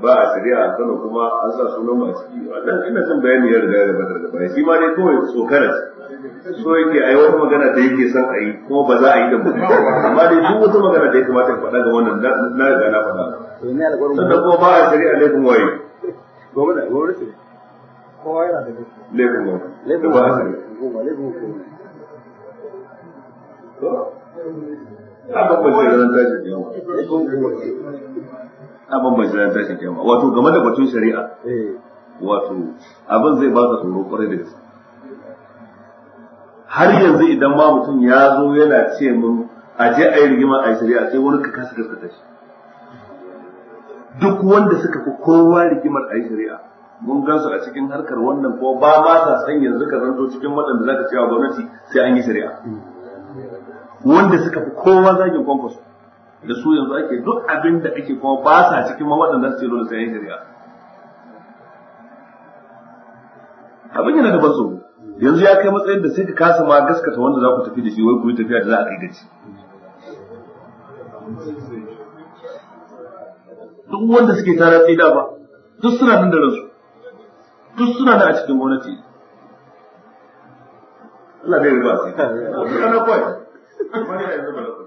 ba a shari'a kano kuma an sa sunan ma ciki wannan ina son bayani ya riga da badar da bayan shi ma dai kawai so kana so yake yi wata magana da yake son a yi kuma ba za a yi da amma dai duk wata magana da ya kamata ya faɗa ga wannan na riga na faɗa sannan kuma ba a shari'a laifin waye gwamnati gwamnati kowa yana da laifin gwamnati laifin na bambanci zai tashin kiyama wato game da batun shari'a eh. wato abin zai ba ka tsoro kwarai da gaske har yanzu idan ma mutum ya zo yana ce mun a je a yi rigima a yi shari'a sai wani ka kasa gaskata shi duk wanda suka fi kowa rigimar a yi shari'a mun gansu a cikin harkar wannan ko ba ma sa san yanzu ka zanto cikin waɗanda za ka cewa gwamnati sai an yi shari'a hmm. wanda suka fi kowa zagin kwankwaso da su yanzu ake duk abin da ake kuma ba sa cikin waɗanda su ce dole sai shari'a abin yana da bazo yanzu ya kai matsayin da sai ka kasa ma gaskata wanda za ku tafi da shi wai ku yi tafiya da za a kai gaci duk wanda suke tara tsida ba duk suna nan da rasu. duk suna nan a cikin gwamnati Allah bai riba <laughs> sai. kawai. Wani yanzu ba